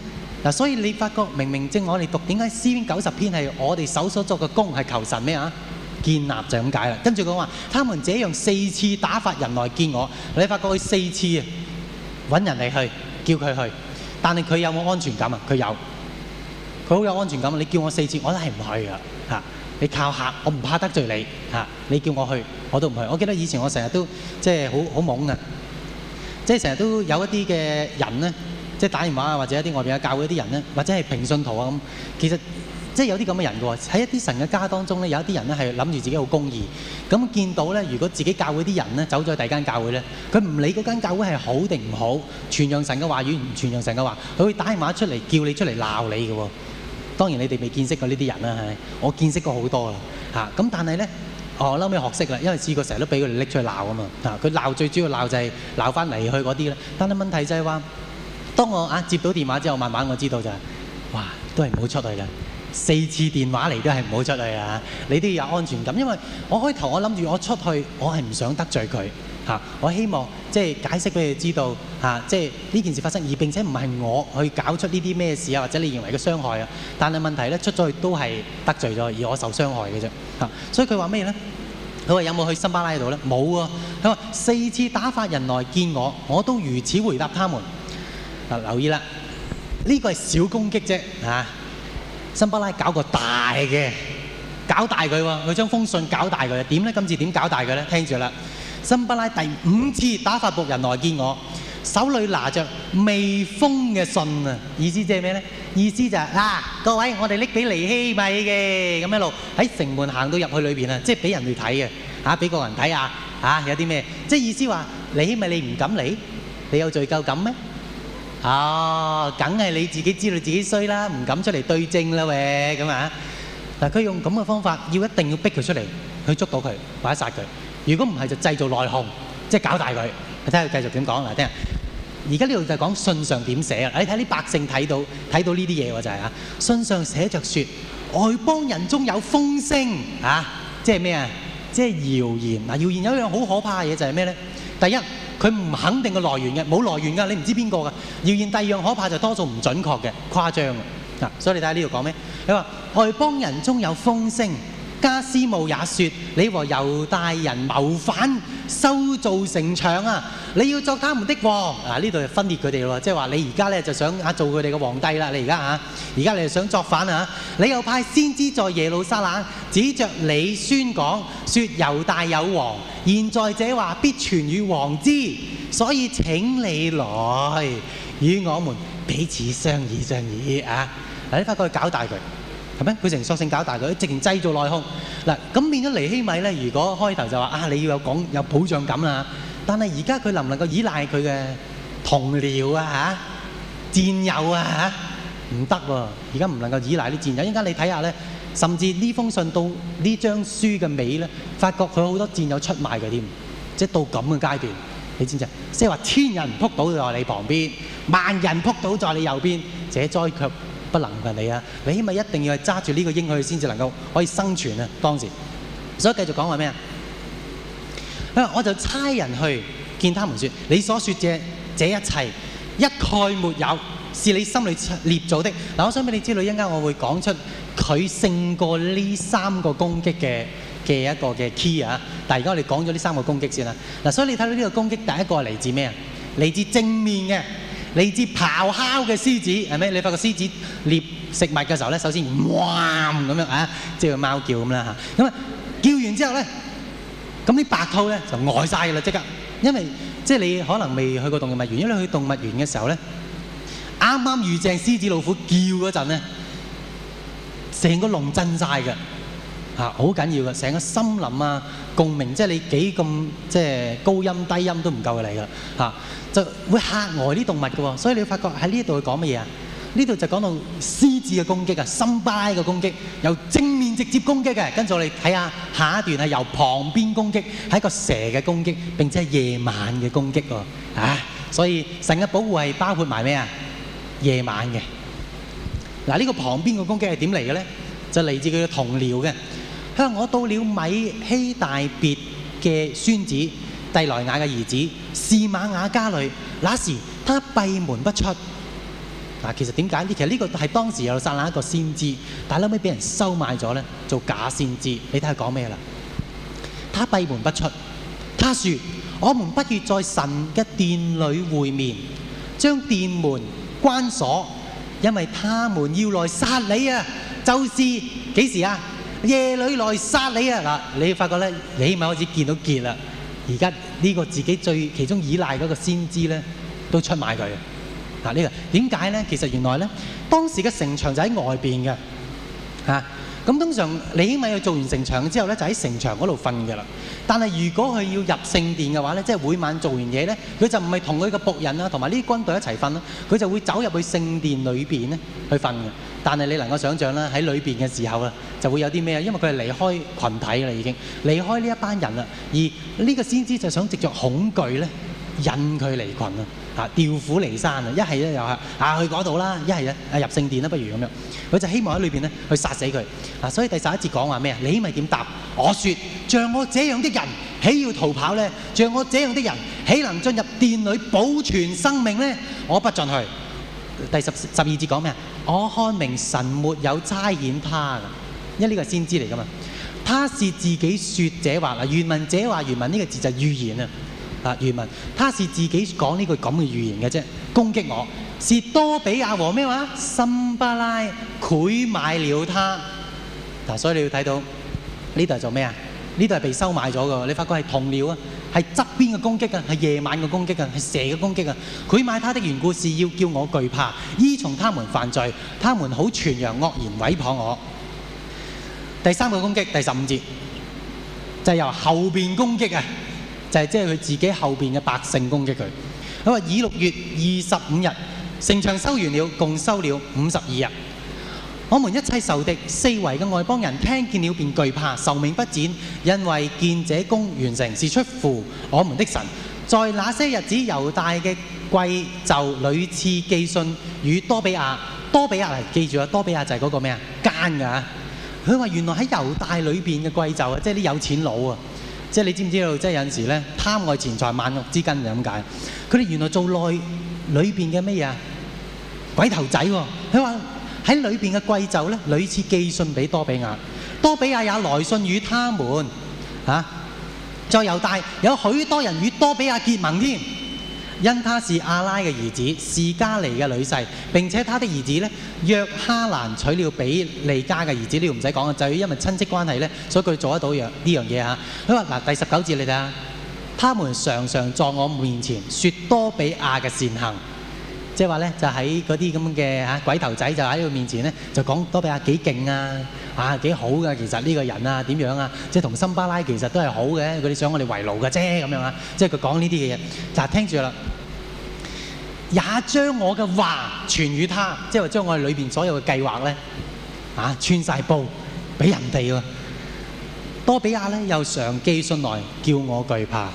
所以你發覺，明明正我哋讀，點解詩篇九十篇係我哋手所作嘅功係求神咩啊？建立就咁解啦。跟住佢話：他們這樣四次打發人來見我，你發覺佢四次揾人嚟去叫佢去，但係佢有冇安全感啊？佢有，佢好有安全感。你叫我四次我都係唔去噶嚇。你靠客，我唔怕得罪你嚇。你叫我去我都唔去。我記得以前我成日都即係好好懵嘅，即係成日都有一啲嘅人咧。即係打電話啊，或者一啲外邊嘅教會一啲人咧，或者係平信徒啊咁。其實即係、就是、有啲咁嘅人㗎喎，喺一啲神嘅家當中咧，有一啲人咧係諗住自己好公義。咁見到咧，如果自己教會啲人咧走咗去第二間教會咧，佢唔理嗰間教會係好定唔好，傳揚神嘅話語，傳揚神嘅話，佢會打電話出嚟叫你出嚟鬧你嘅喎。當然你哋未見識過呢啲人啦，係咪？我見識過好多啦嚇。咁、啊、但係咧，我、哦、後尾學識啦，因為試過成日都俾佢哋拎出去鬧啊嘛。啊，佢鬧最主要鬧就係鬧翻嚟去嗰啲啦。但係問題就係、是、話。當我接到電話之後，慢慢我知道就係、是、哇，都係唔好出去㗎。四次電話嚟都係唔好出去的。你都要有安全感，因為我開頭我諗住我出去，我係唔想得罪佢。我希望即係解釋俾佢知道嚇，即係呢件事發生，而並且唔係我去搞出呢啲咩事，或者你認為嘅傷害。但係問題呢，出咗去都係得罪咗，而我受傷害嘅啫。所以佢話咩呢？佢話有冇去參巴拉度咧？冇啊。佢話四次打發人來見我，我都如此回答他們。嗱，留意啦，呢個係小攻擊啫，嚇！辛巴拉搞個大嘅，搞大佢喎，佢將封信搞大佢啦。點咧？今次點搞大佢咧？聽住啦，辛巴拉第五次打發僕人來見我，手裏拿着未封嘅信啊！意思即係咩咧？意思就係嗱，各位，我哋拎俾尼希米嘅，咁一路喺城門行到入去裏邊啊，即係俾人哋睇嘅，嚇，俾個人睇下，嚇，有啲咩？即係意思話，尼希米你唔敢嚟，你有罪疚感咩？哦，梗係你自己知道自己衰啦，唔敢出嚟對證啦喂，咁啊！嗱，佢用咁嘅方法，要一定要逼佢出嚟，去捉到佢，或者殺佢。如果唔係，就製造內訌，即係搞大佢。睇下佢繼續點講啦，聽下。而家呢度就係講信上點寫啊！你睇啲百姓睇到，睇到呢啲嘢喎就係啊，信上寫著説，外邦人中有風聲啊，即係咩啊？即係謠言。嗱，謠言有一樣好可怕嘅嘢就係咩咧？第一。佢唔肯定個來源嘅，冇來源㗎，你唔知邊個㗎。謠言第二樣可怕就多數唔準確嘅，誇張。啊！所以你睇下呢度講咩？你話外邦人中有風聲。迦施慕也說：你和猶大人謀反，修造城牆啊！你要作、啊他，就是啊、他們的喎。啊，呢度就分裂佢哋喎，即係話你而家咧就想啊做佢哋嘅皇帝啦！你而家啊，而家你就想作反啊！你又派先知在耶路撒冷，指着你宣講，說猶大有王，現在這話必傳與王知，所以請你來與我們彼此商議商議啊！你翻過去搞大佢。佢成索性搞大佢，直情製造內鬨。嗱，咁變咗尼希米咧。如果開頭就話啊，你要有講有保障感啊，但係而家佢能唔能夠依賴佢嘅同僚啊、嚇戰友啊、嚇、唔得喎！而家唔能夠依賴啲戰友。依家你睇下咧，甚至呢封信到呢張書嘅尾咧，發覺佢好多戰友出賣佢添，即係到咁嘅階段，你知唔知啊？即係話千人撲倒在你旁邊，萬人撲倒在你右邊，這災卻。不能嘅你啊，你起碼一定要係揸住呢個應許先至能夠可以生存啊！當時，所以繼續講話咩啊？啊，我就差人去見他們，説你所説嘅這一切一概沒有，是你心裏捏造的嗱。我想俾你知，道，一陣間我會講出佢勝過呢三個攻擊嘅嘅一個嘅 key 啊！但係而家我哋講咗呢三個攻擊先啦嗱。所以你睇到呢個攻擊，第一個係嚟自咩啊？嚟自正面嘅。你知咆哮嘅獅子係咩？你發覺獅子獵食物嘅時候咧，首先嘩咁樣啊，即係貓叫咁啦嚇。咁啊叫完之後咧，咁啲白兔咧就呆曬㗎啦，即刻，因為即係你可能未去過動物園，因為你去動物園嘅時候咧，啱啱遇正獅子老虎叫嗰陣咧，成個籠震曬㗎，嚇好緊要㗎，成個森林啊，共鳴，即係你幾咁即係高音低音都唔夠嚟㗎，嚇。就會嚇呆啲動物嘅喎，所以你要發覺喺呢度佢講乜嘢啊？呢度就講到獅子嘅攻擊啊，心巴嘅攻擊，由正面直接攻擊嘅。跟住我哋睇下下一段係由旁邊攻擊，係一個蛇嘅攻擊，並且係夜晚嘅攻擊喎。啊，所以神嘅保護係包括埋咩啊？夜晚嘅。嗱，呢個旁邊嘅攻擊係點嚟嘅咧？就嚟自佢嘅同僚嘅。我到了米希大別嘅孫子。第萊雅的兒子士馬雅家裏，那時他閉門不出。其實點解呢？其實呢個是當時有撒冷一個先知，但係後屘被人收買咗咧，做假先知。你睇下講咩啦？他閉門不出，他說：我們不如在神的殿裏會面，將殿門關鎖，因為他們要來殺你啊！就是幾時啊？夜裏來殺你啊！嗱，你發覺呢，你起碼好似見到結了。而家呢個自己最其中依賴嗰個先知呢，都出賣佢。嗱，啊，呢個點解呢？其實原來呢，當時嘅城牆就喺外邊嘅，啊咁通常你起碼要做完城牆之後咧，就喺城牆嗰度瞓嘅啦。但係如果佢要入聖殿嘅話呢，即係每晚做完嘢咧，佢就唔係同佢嘅僕人啦，同埋呢啲軍隊一齊瞓他，佢就會走入去聖殿裏面去瞓嘅。但係你能夠想像在喺裏面嘅時候，就會有啲咩？因為佢係離開群體嘅啦，已經離開呢一班人啦。而呢個先知就想藉著恐懼咧，引佢離群。啊，調虎離山啊！一係咧又係啊去嗰度啦，一係咧啊入聖殿啦，不如咁樣。佢就希望喺裏邊咧去殺死佢。啊，所以第十一節講話咩啊？你咪點答？我説：像我這樣的人，豈要逃跑咧？像我這樣的人，豈能進入殿裏保存生命咧？我不進去。第十十二節講咩啊？我看明神沒有差遣他噶，因為呢個先知嚟噶嘛。他是自己説者話啦。原文者話原文呢個字就預言啊。啊！文，他是自己講呢句咁嘅語言嘅啫，攻擊我是多比亞和咩話？參巴拉賄買了他。所以你要睇到呢度係做咩啊？呢度係被收買咗嘅。你發覺係同了？啊，係側邊嘅攻擊啊，係夜晚嘅攻擊啊，係蛇嘅攻擊啊。賄買他的緣故是要叫我懼怕，依從他們犯罪，他們好傳揚惡言毀謗我。第三個攻擊，第十五節就係、是、由後面攻擊啊！就係即係佢自己後面嘅百姓攻擊佢。佢話以六月二十五日，城牆修完了，共修了五十二日。我們一切仇敵，四圍嘅外邦人聽見了便懼怕，壽命不展，因為見這工完成是出乎我們的神。在那些日子，猶大嘅貴冑屢次寄信與多比亞。多比亞嚟，記住啊，多比亞就係嗰個咩啊奸㗎。佢話原來喺猶大裏面嘅貴冑啊，即係啲有錢佬啊。即係你知唔知道？即係有陣時呢，貪愛錢財萬惡之根就咁解。佢哋原來做內裏面嘅咩嘢？鬼頭仔喎、哦！佢話喺裏邊嘅貴冑呢，屢次寄信給多比亞，多比亞也來信與他們、啊、在猶大有許多人與多比亞結盟添。因他是亞拉嘅兒子，是迦尼嘅女婿，並且他的兒子呢，約哈蘭娶了比利迦嘅兒子，呢、這個唔使講就係因為親戚關係呢，所以佢做得到樣呢樣嘢嚇。佢話嗱，第十九節你睇下，他們常常在我面前說多比亞嘅善行，即係話呢，就喺嗰啲噉嘅鬼頭仔就喺佢面前呢，就講多比亞幾勁啊！嚇幾好㗎！其實呢個人啊，點樣啊，即係同參巴拉其實都係好嘅，佢哋想我哋為奴嘅啫咁樣啊，即係佢講呢啲嘅嘢。嗱、啊，聽住啦，也將我嘅話傳與他，即係話將我裏邊所有嘅計劃咧，啊，穿晒煲俾人哋喎。多比亞咧又常寄信來叫我懼怕，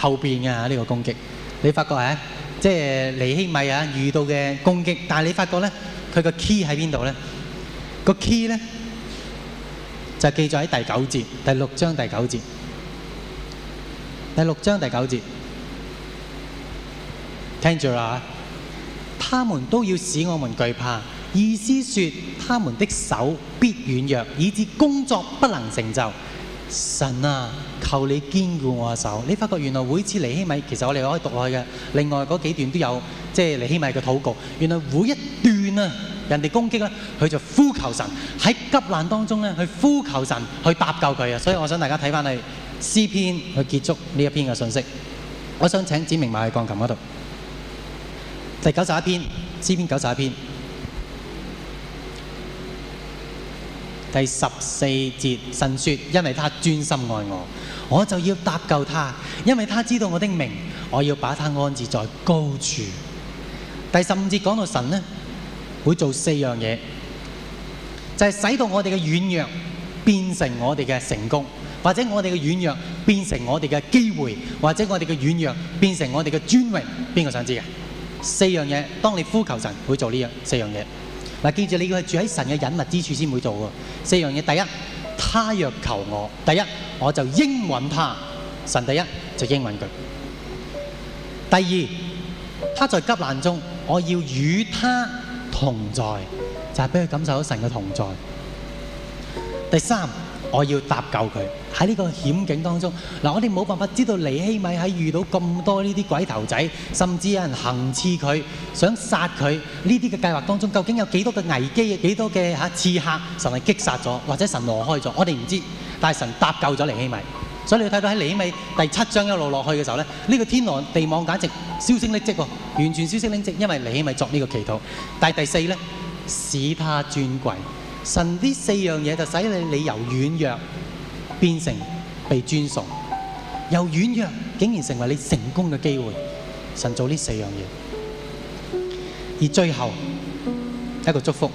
後邊啊呢、呢個攻擊，你發覺係、啊？即係尼希米啊遇到嘅攻擊，但係你發覺咧，佢個 key 喺邊度咧？個 key 咧，就記載喺第九節，第六章第九節，第六章第九節，聽住啦吓，他們都要使我們懼怕，意思說他們的手必軟弱，以致工作不能成就。神啊，求你堅固我的手。你發覺原來每次尼希米，其實我哋可以讀落去嘅，另外嗰幾段都有，即係尼希米嘅禱告。原來每一段啊！人哋攻擊咧，佢就呼求神喺急難當中咧，去呼求神去搭救佢啊！所以我想大家睇翻去詩篇去結束呢一篇嘅信息。我想請子明埋去鋼琴嗰度。第九十一篇，詩篇九十一篇第十四節神説：因為他專心愛我，我就要搭救他；因為他知道我的名，我要把他安置在高處。第十五節講到神咧。會做四樣嘢，就係、是、使到我哋嘅軟弱變成我哋嘅成功，或者我哋嘅軟弱變成我哋嘅機會，或者我哋嘅軟弱變成我哋嘅尊榮。邊個想知嘅？四樣嘢，當你呼求神會做呢樣四樣嘢。嗱，記住你要是住喺神嘅隱密之處先會做喎。四樣嘢，第一，他若求我，第一，我就應允他。神第一就應允佢。第二，他在急難中，我要與他。同在就係俾佢感受到神嘅同在。第三，我要搭救佢喺呢個險境當中。嗱，我哋冇辦法知道尼希米喺遇到咁多呢啲鬼頭仔，甚至有人行刺佢，想殺佢呢啲嘅計劃當中，究竟有幾多嘅危機，幾多嘅吓刺客，神係擊殺咗，或者神挪開咗，我哋唔知道，但係神搭救咗尼希米。所以你睇到喺尼希米第七章一路落去嘅時候咧，呢、這個天羅地網簡直銷聲匿跡喎，完全銷聲匿跡，因為尼希米作呢個祈禱。但係第四呢，使他尊貴，神呢四樣嘢就使你由軟弱變成被尊崇，由軟弱竟然成為你成功嘅機會。神做呢四樣嘢，而最後一個祝福，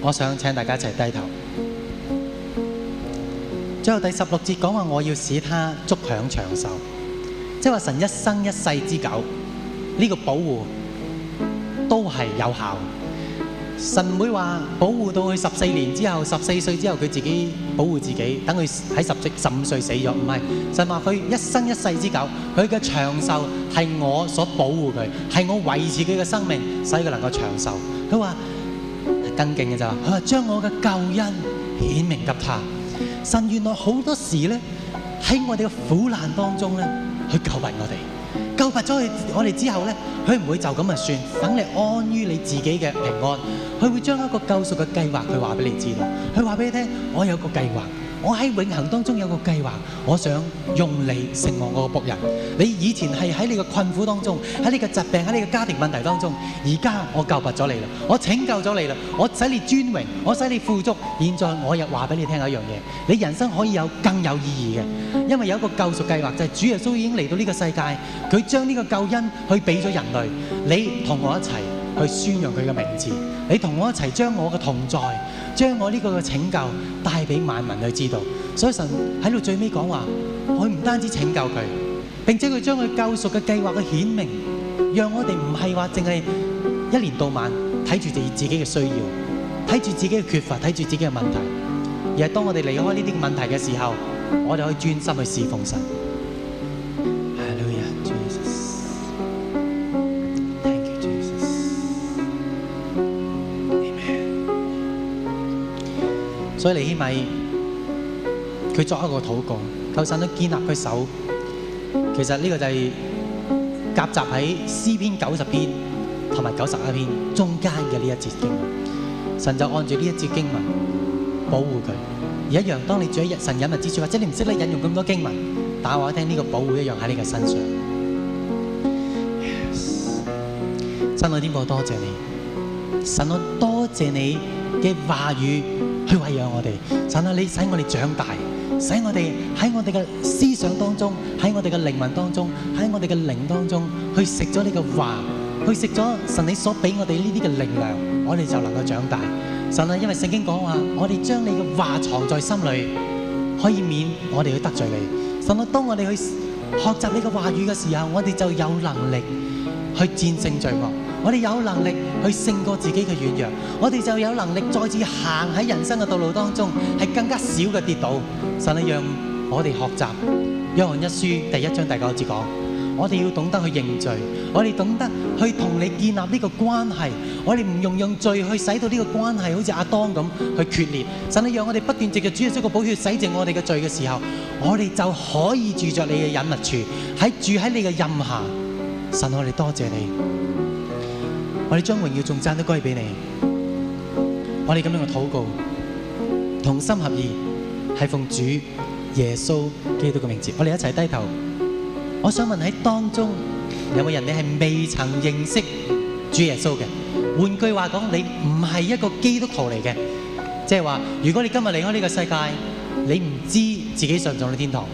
我想請大家一齊低頭。最後第十六節講話，我要使他足享長壽，即係話神一生一世之久，呢、這個保護都係有效的。神唔會話保護到佢十四年之後，十四歲之後佢自己保護自己，等佢喺十五歲死咗。唔係神話佢一生一世之久，佢嘅長壽係我所保護佢，係我維持佢嘅生命，使佢能夠長壽。佢話更勁嘅，就是佢話將我嘅救恩顯明給他。神原來好多時咧喺我哋嘅苦難當中咧，去救拔我哋，救拔咗我哋之後咧，佢唔會就咁啊算，等你安於你自己嘅平安，佢會將一個救贖嘅計劃去告訴，佢話俾你知道，佢話俾你聽，我有一個計劃。我喺永恒當中有個計劃，我想用你成為我僕人。你以前係喺你個困苦當中，喺你個疾病，喺你個家庭問題當中。而家我救拔咗你啦，我拯救咗你啦，我使你尊榮，我使你富足。現在我又話俾你聽一樣嘢，你人生可以有更有意義嘅，因為有一個救贖計劃，就係主耶穌已經嚟到呢個世界，佢將呢個救恩去俾咗人類。你同我一齊去宣揚佢嘅名字，你同我一齊將我嘅同在。將我呢個嘅拯救帶俾萬民去知道，所以神喺度最尾講話，我唔單止拯救佢，並且佢將佢救贖嘅計劃嘅顯明，讓我哋唔係話淨係一年到晚睇住自己嘅需要，睇住自己嘅缺乏，睇住自己嘅問題，而係當我哋離開呢啲問題嘅時候，我哋可以專心去侍奉神。所以尼希米佢作一個禱告，求神都建立佢手。其實呢個就係夾雜喺詩篇九十篇同埋九十一篇中間嘅呢一節經文。神就按住呢一節經文保護佢。而一樣，當你住喺神隱密之處，或者你唔識得引用咁多經文，打話聽呢、這個保護一樣喺你嘅身上。Yes. 神我哋多謝你，神我多謝你嘅話語。去餵養我哋，神啊！你使我哋長大，使我哋喺我哋嘅思想當中，喺我哋嘅靈魂當中，喺我哋嘅靈當中，去食咗你嘅話，去食咗神你所俾我哋呢啲嘅靈糧，我哋就能夠長大。神啊！因為聖經講話，我哋將你嘅話藏在心裏，可以免我哋去得罪你。神啊！當我哋去學習你嘅話語嘅時候，我哋就有能力去戰勝罪惡。我哋有能力去勝過自己嘅軟弱，我哋就有能力再次行喺人生嘅道路當中，係更加少嘅跌倒。神，你讓我哋學習《約翰一書》第一章第九節講：我哋要懂得去認罪，我哋懂得去同你建立呢個關係，我哋唔用用罪去使到呢個關係好似阿當咁去決裂。神，你讓我哋不斷藉著主嘅這個寶血洗淨我哋嘅罪嘅時候，我哋就可以住着你嘅隱密處，喺住喺你嘅蔭下。神，我哋多謝你。我哋將榮耀仲讚得歸俾你。我哋咁樣嘅禱告，同心合意，係奉主耶穌基督嘅名字。我哋一齊低頭。我想問喺當中有冇人，你係未曾認識主耶穌嘅？換句話講，你唔係一個基督徒嚟嘅。即係話，如果你今日離開呢個世界，你唔知自己上唔上到天堂。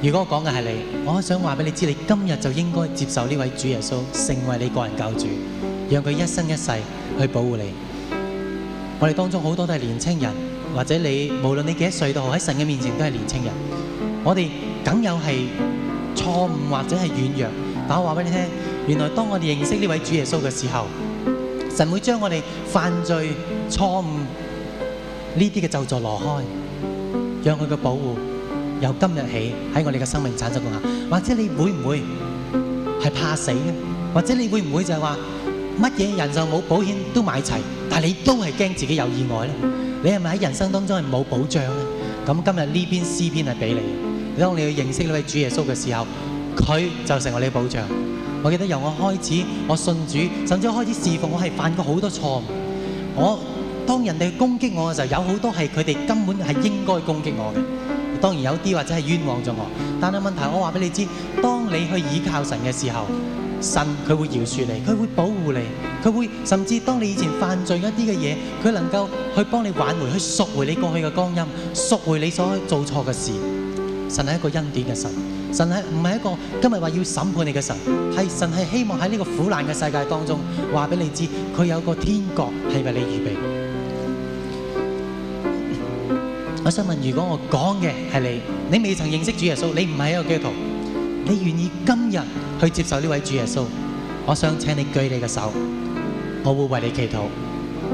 如果我講嘅係你，我想話俾你知，你今日就應該接受呢位主耶穌成為你個人教主，讓佢一生一世去保護你。我哋當中好多都係年輕人，或者你無論你幾多歲都好，喺神嘅面前都係年輕人。我哋梗有係錯誤或者係軟弱，但我話俾你聽，原來當我哋認識呢位主耶穌嘅時候，神會將我哋犯罪錯誤呢啲嘅咒詛挪開，讓佢嘅保護。由今日起喺我哋嘅生命產生功效，或者你會唔會係怕死咧？或者你會唔會就係話乜嘢人就冇保險都買齊，但係你都係驚自己有意外咧？你係咪喺人生當中係冇保障咧？咁今日呢篇詩篇係俾你，當你去認識呢位主耶穌嘅時候，佢就成為你嘅保障。我記得由我開始，我信主，甚至我開始侍奉，我係犯過好多錯誤。我當人哋攻擊我嘅時候，有好多係佢哋根本係應該攻擊我嘅。當然有啲或者係冤枉咗我，但係問題是我話俾你知，當你去倚靠神嘅時候，神佢會饒恕你，佢會保護你，佢會甚至當你以前犯罪一啲嘅嘢，佢能夠去幫你挽回，去贖回你過去嘅光陰，贖回你所做錯嘅事。神係一個恩典嘅神，神係唔係一個今日話要審判你嘅神，係神係希望喺呢個苦難嘅世界當中，話俾你知佢有個天國係為你預備。我想問，如果我講嘅係你，你未曾認識主耶穌，你唔係一個基督徒，你願意今日去接受呢位主耶穌？我想請你舉你嘅手，我會為你祈禱。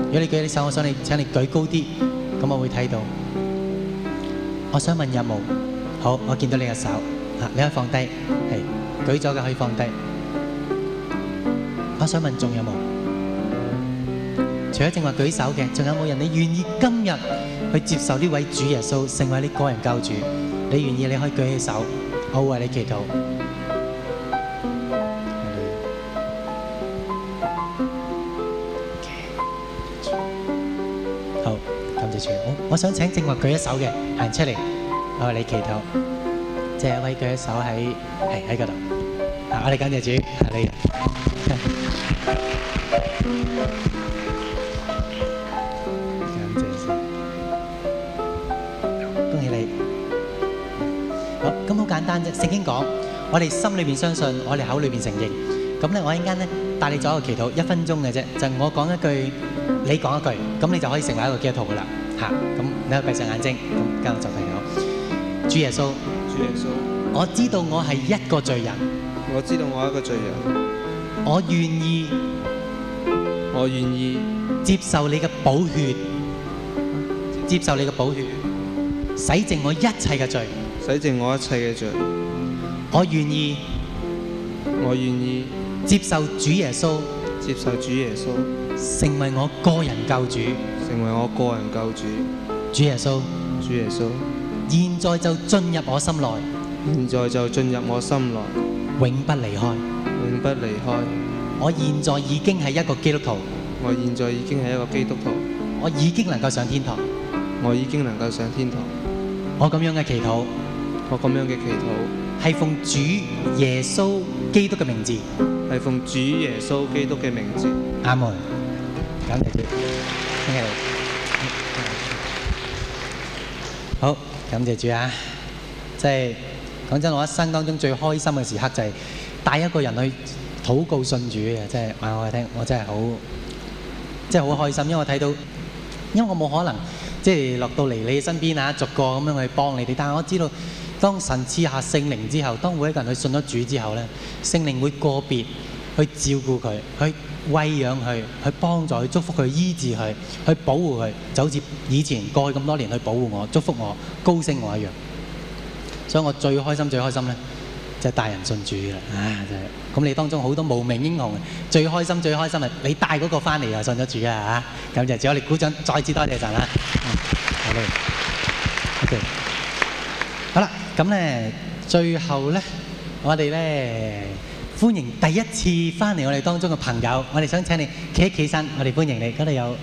如果你舉你手，我想你，請你舉高啲，咁我會睇到。我想問有冇？好，我見到你嘅手，啊，你可以放低，係舉咗嘅可以放低。我想問仲有冇？除咗正話舉手嘅，仲有冇人？你願意今日？去接受呢位主耶穌成為你個人教主，你願意你可以舉起手，我為你祈禱。好，感謝主。好，我想請正話舉一手嘅，行出嚟，我為你祈禱。即係一位舉一手喺係喺嗰度。啊，我哋感謝主，阿你。聽講，我哋心裏邊相信，我哋口裏邊承認。咁咧，我一陣間咧帶你做一個祈禱，一分鐘嘅啫。就我講一句，你講一句，咁你就可以成為一個基督徒噶啦。吓、嗯，咁你閉上眼睛，咁跟住就祈禱。主耶穌，主耶穌，我知道我係一個罪人，我知道我一個罪人，我願意，我願意接受你嘅寶血，接受你嘅寶，寶血，洗淨我一切嘅罪，洗淨我一切嘅罪。我願意，我願意接受主耶穌，接受主耶穌成為我個人救主，成為我個人救主，主耶穌，主耶穌現在就進入我心內，現在就進入我心內，永不離開，永不離開。我現在已經係一個基督徒，我現在已經係一個基督徒，我已經能夠上天堂，我已經能夠上天堂。我咁樣嘅祈禱，我咁樣嘅祈禱。係奉主耶穌基督嘅名字，係奉主耶穌基督嘅名字。阿門，感謝主，歡迎嚟。好，感謝主啊！即係講真，我一生當中最開心嘅時刻就係帶一個人去禱告信主嘅，即係話我聽，我真係好，即係好開心，因為我睇到，因為我冇可能即係落到嚟你身邊啊，逐個咁樣去幫你哋，但係我知道。當神賜下聖靈之後，當每一個人去信咗主之後咧，聖靈會個別去照顧佢，去餵養佢，去幫助佢、祝福佢、醫治佢、去保護佢，就好似以前過去咁多年去保護我、祝福我、高升我一樣。所以我最開心、最開心咧，就係帶人信主啦！啊，真係咁！你當中好多無名英雄，最開心、最開心係啊！你帶嗰個翻嚟又信咗主啊嚇！咁就有你鼓掌，再次多謝神啦！好啦。咁咧，最後咧，我哋咧歡迎第一次翻嚟我哋當中嘅朋友，我哋想請你企一企身，我哋歡迎你。嗰度有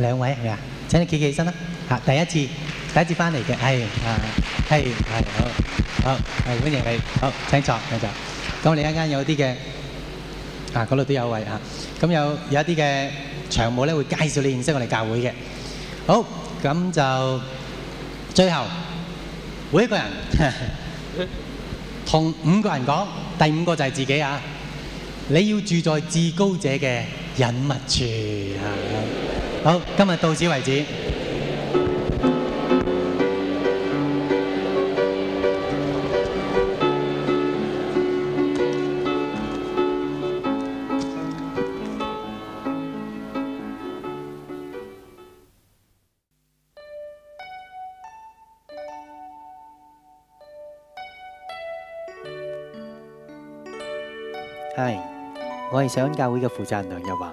兩位係咪啊？請你企企身啦。嚇，第一次，第一次翻嚟嘅，係，係，係，好，好，係歡迎你。好，請坐，請坐。咁我哋一間有啲嘅，啊，嗰度都有位嚇。咁有有一啲嘅長老咧會介紹你認識我哋教會嘅。好，咁就最後。每一個人 (laughs) 同五個人講，第五個就係自己啊！你要住在至高者嘅隱密處。好，今日到此為止。係，我係上恩教會嘅負責人梁日華，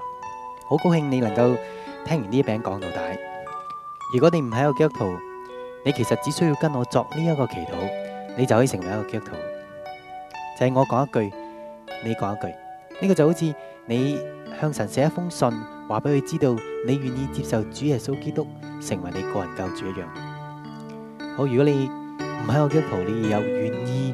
好高興你能夠聽完呢一篇講道。如果你唔喺一個基督徒，你其實只需要跟我作呢一個祈禱，你就可以成為一個基督徒。就係、是、我講一句，你講一句，呢、這個就好似你向神寫一封信，話俾佢知道你願意接受主耶穌基督成為你個人救主一樣。好，如果你唔喺一個基督徒你又願意。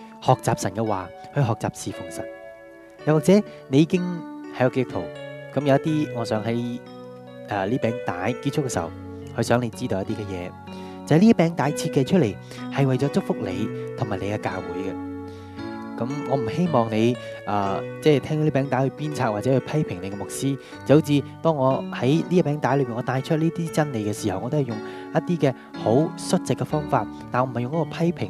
學習神嘅話，去學習侍奉神。又或者你已經係個基督徒，咁有一啲，我想喺誒呢餅帶結束嘅時候，去想你知道一啲嘅嘢，就係呢一餅帶設計出嚟係為咗祝福你同埋你嘅教會嘅。咁我唔希望你誒即係聽到呢餅帶去鞭策或者去批評你嘅牧師，就好似當我喺呢一餅帶裏面，我帶出呢啲真理嘅時候，我都係用一啲嘅好率直嘅方法，但係我唔係用嗰個批評。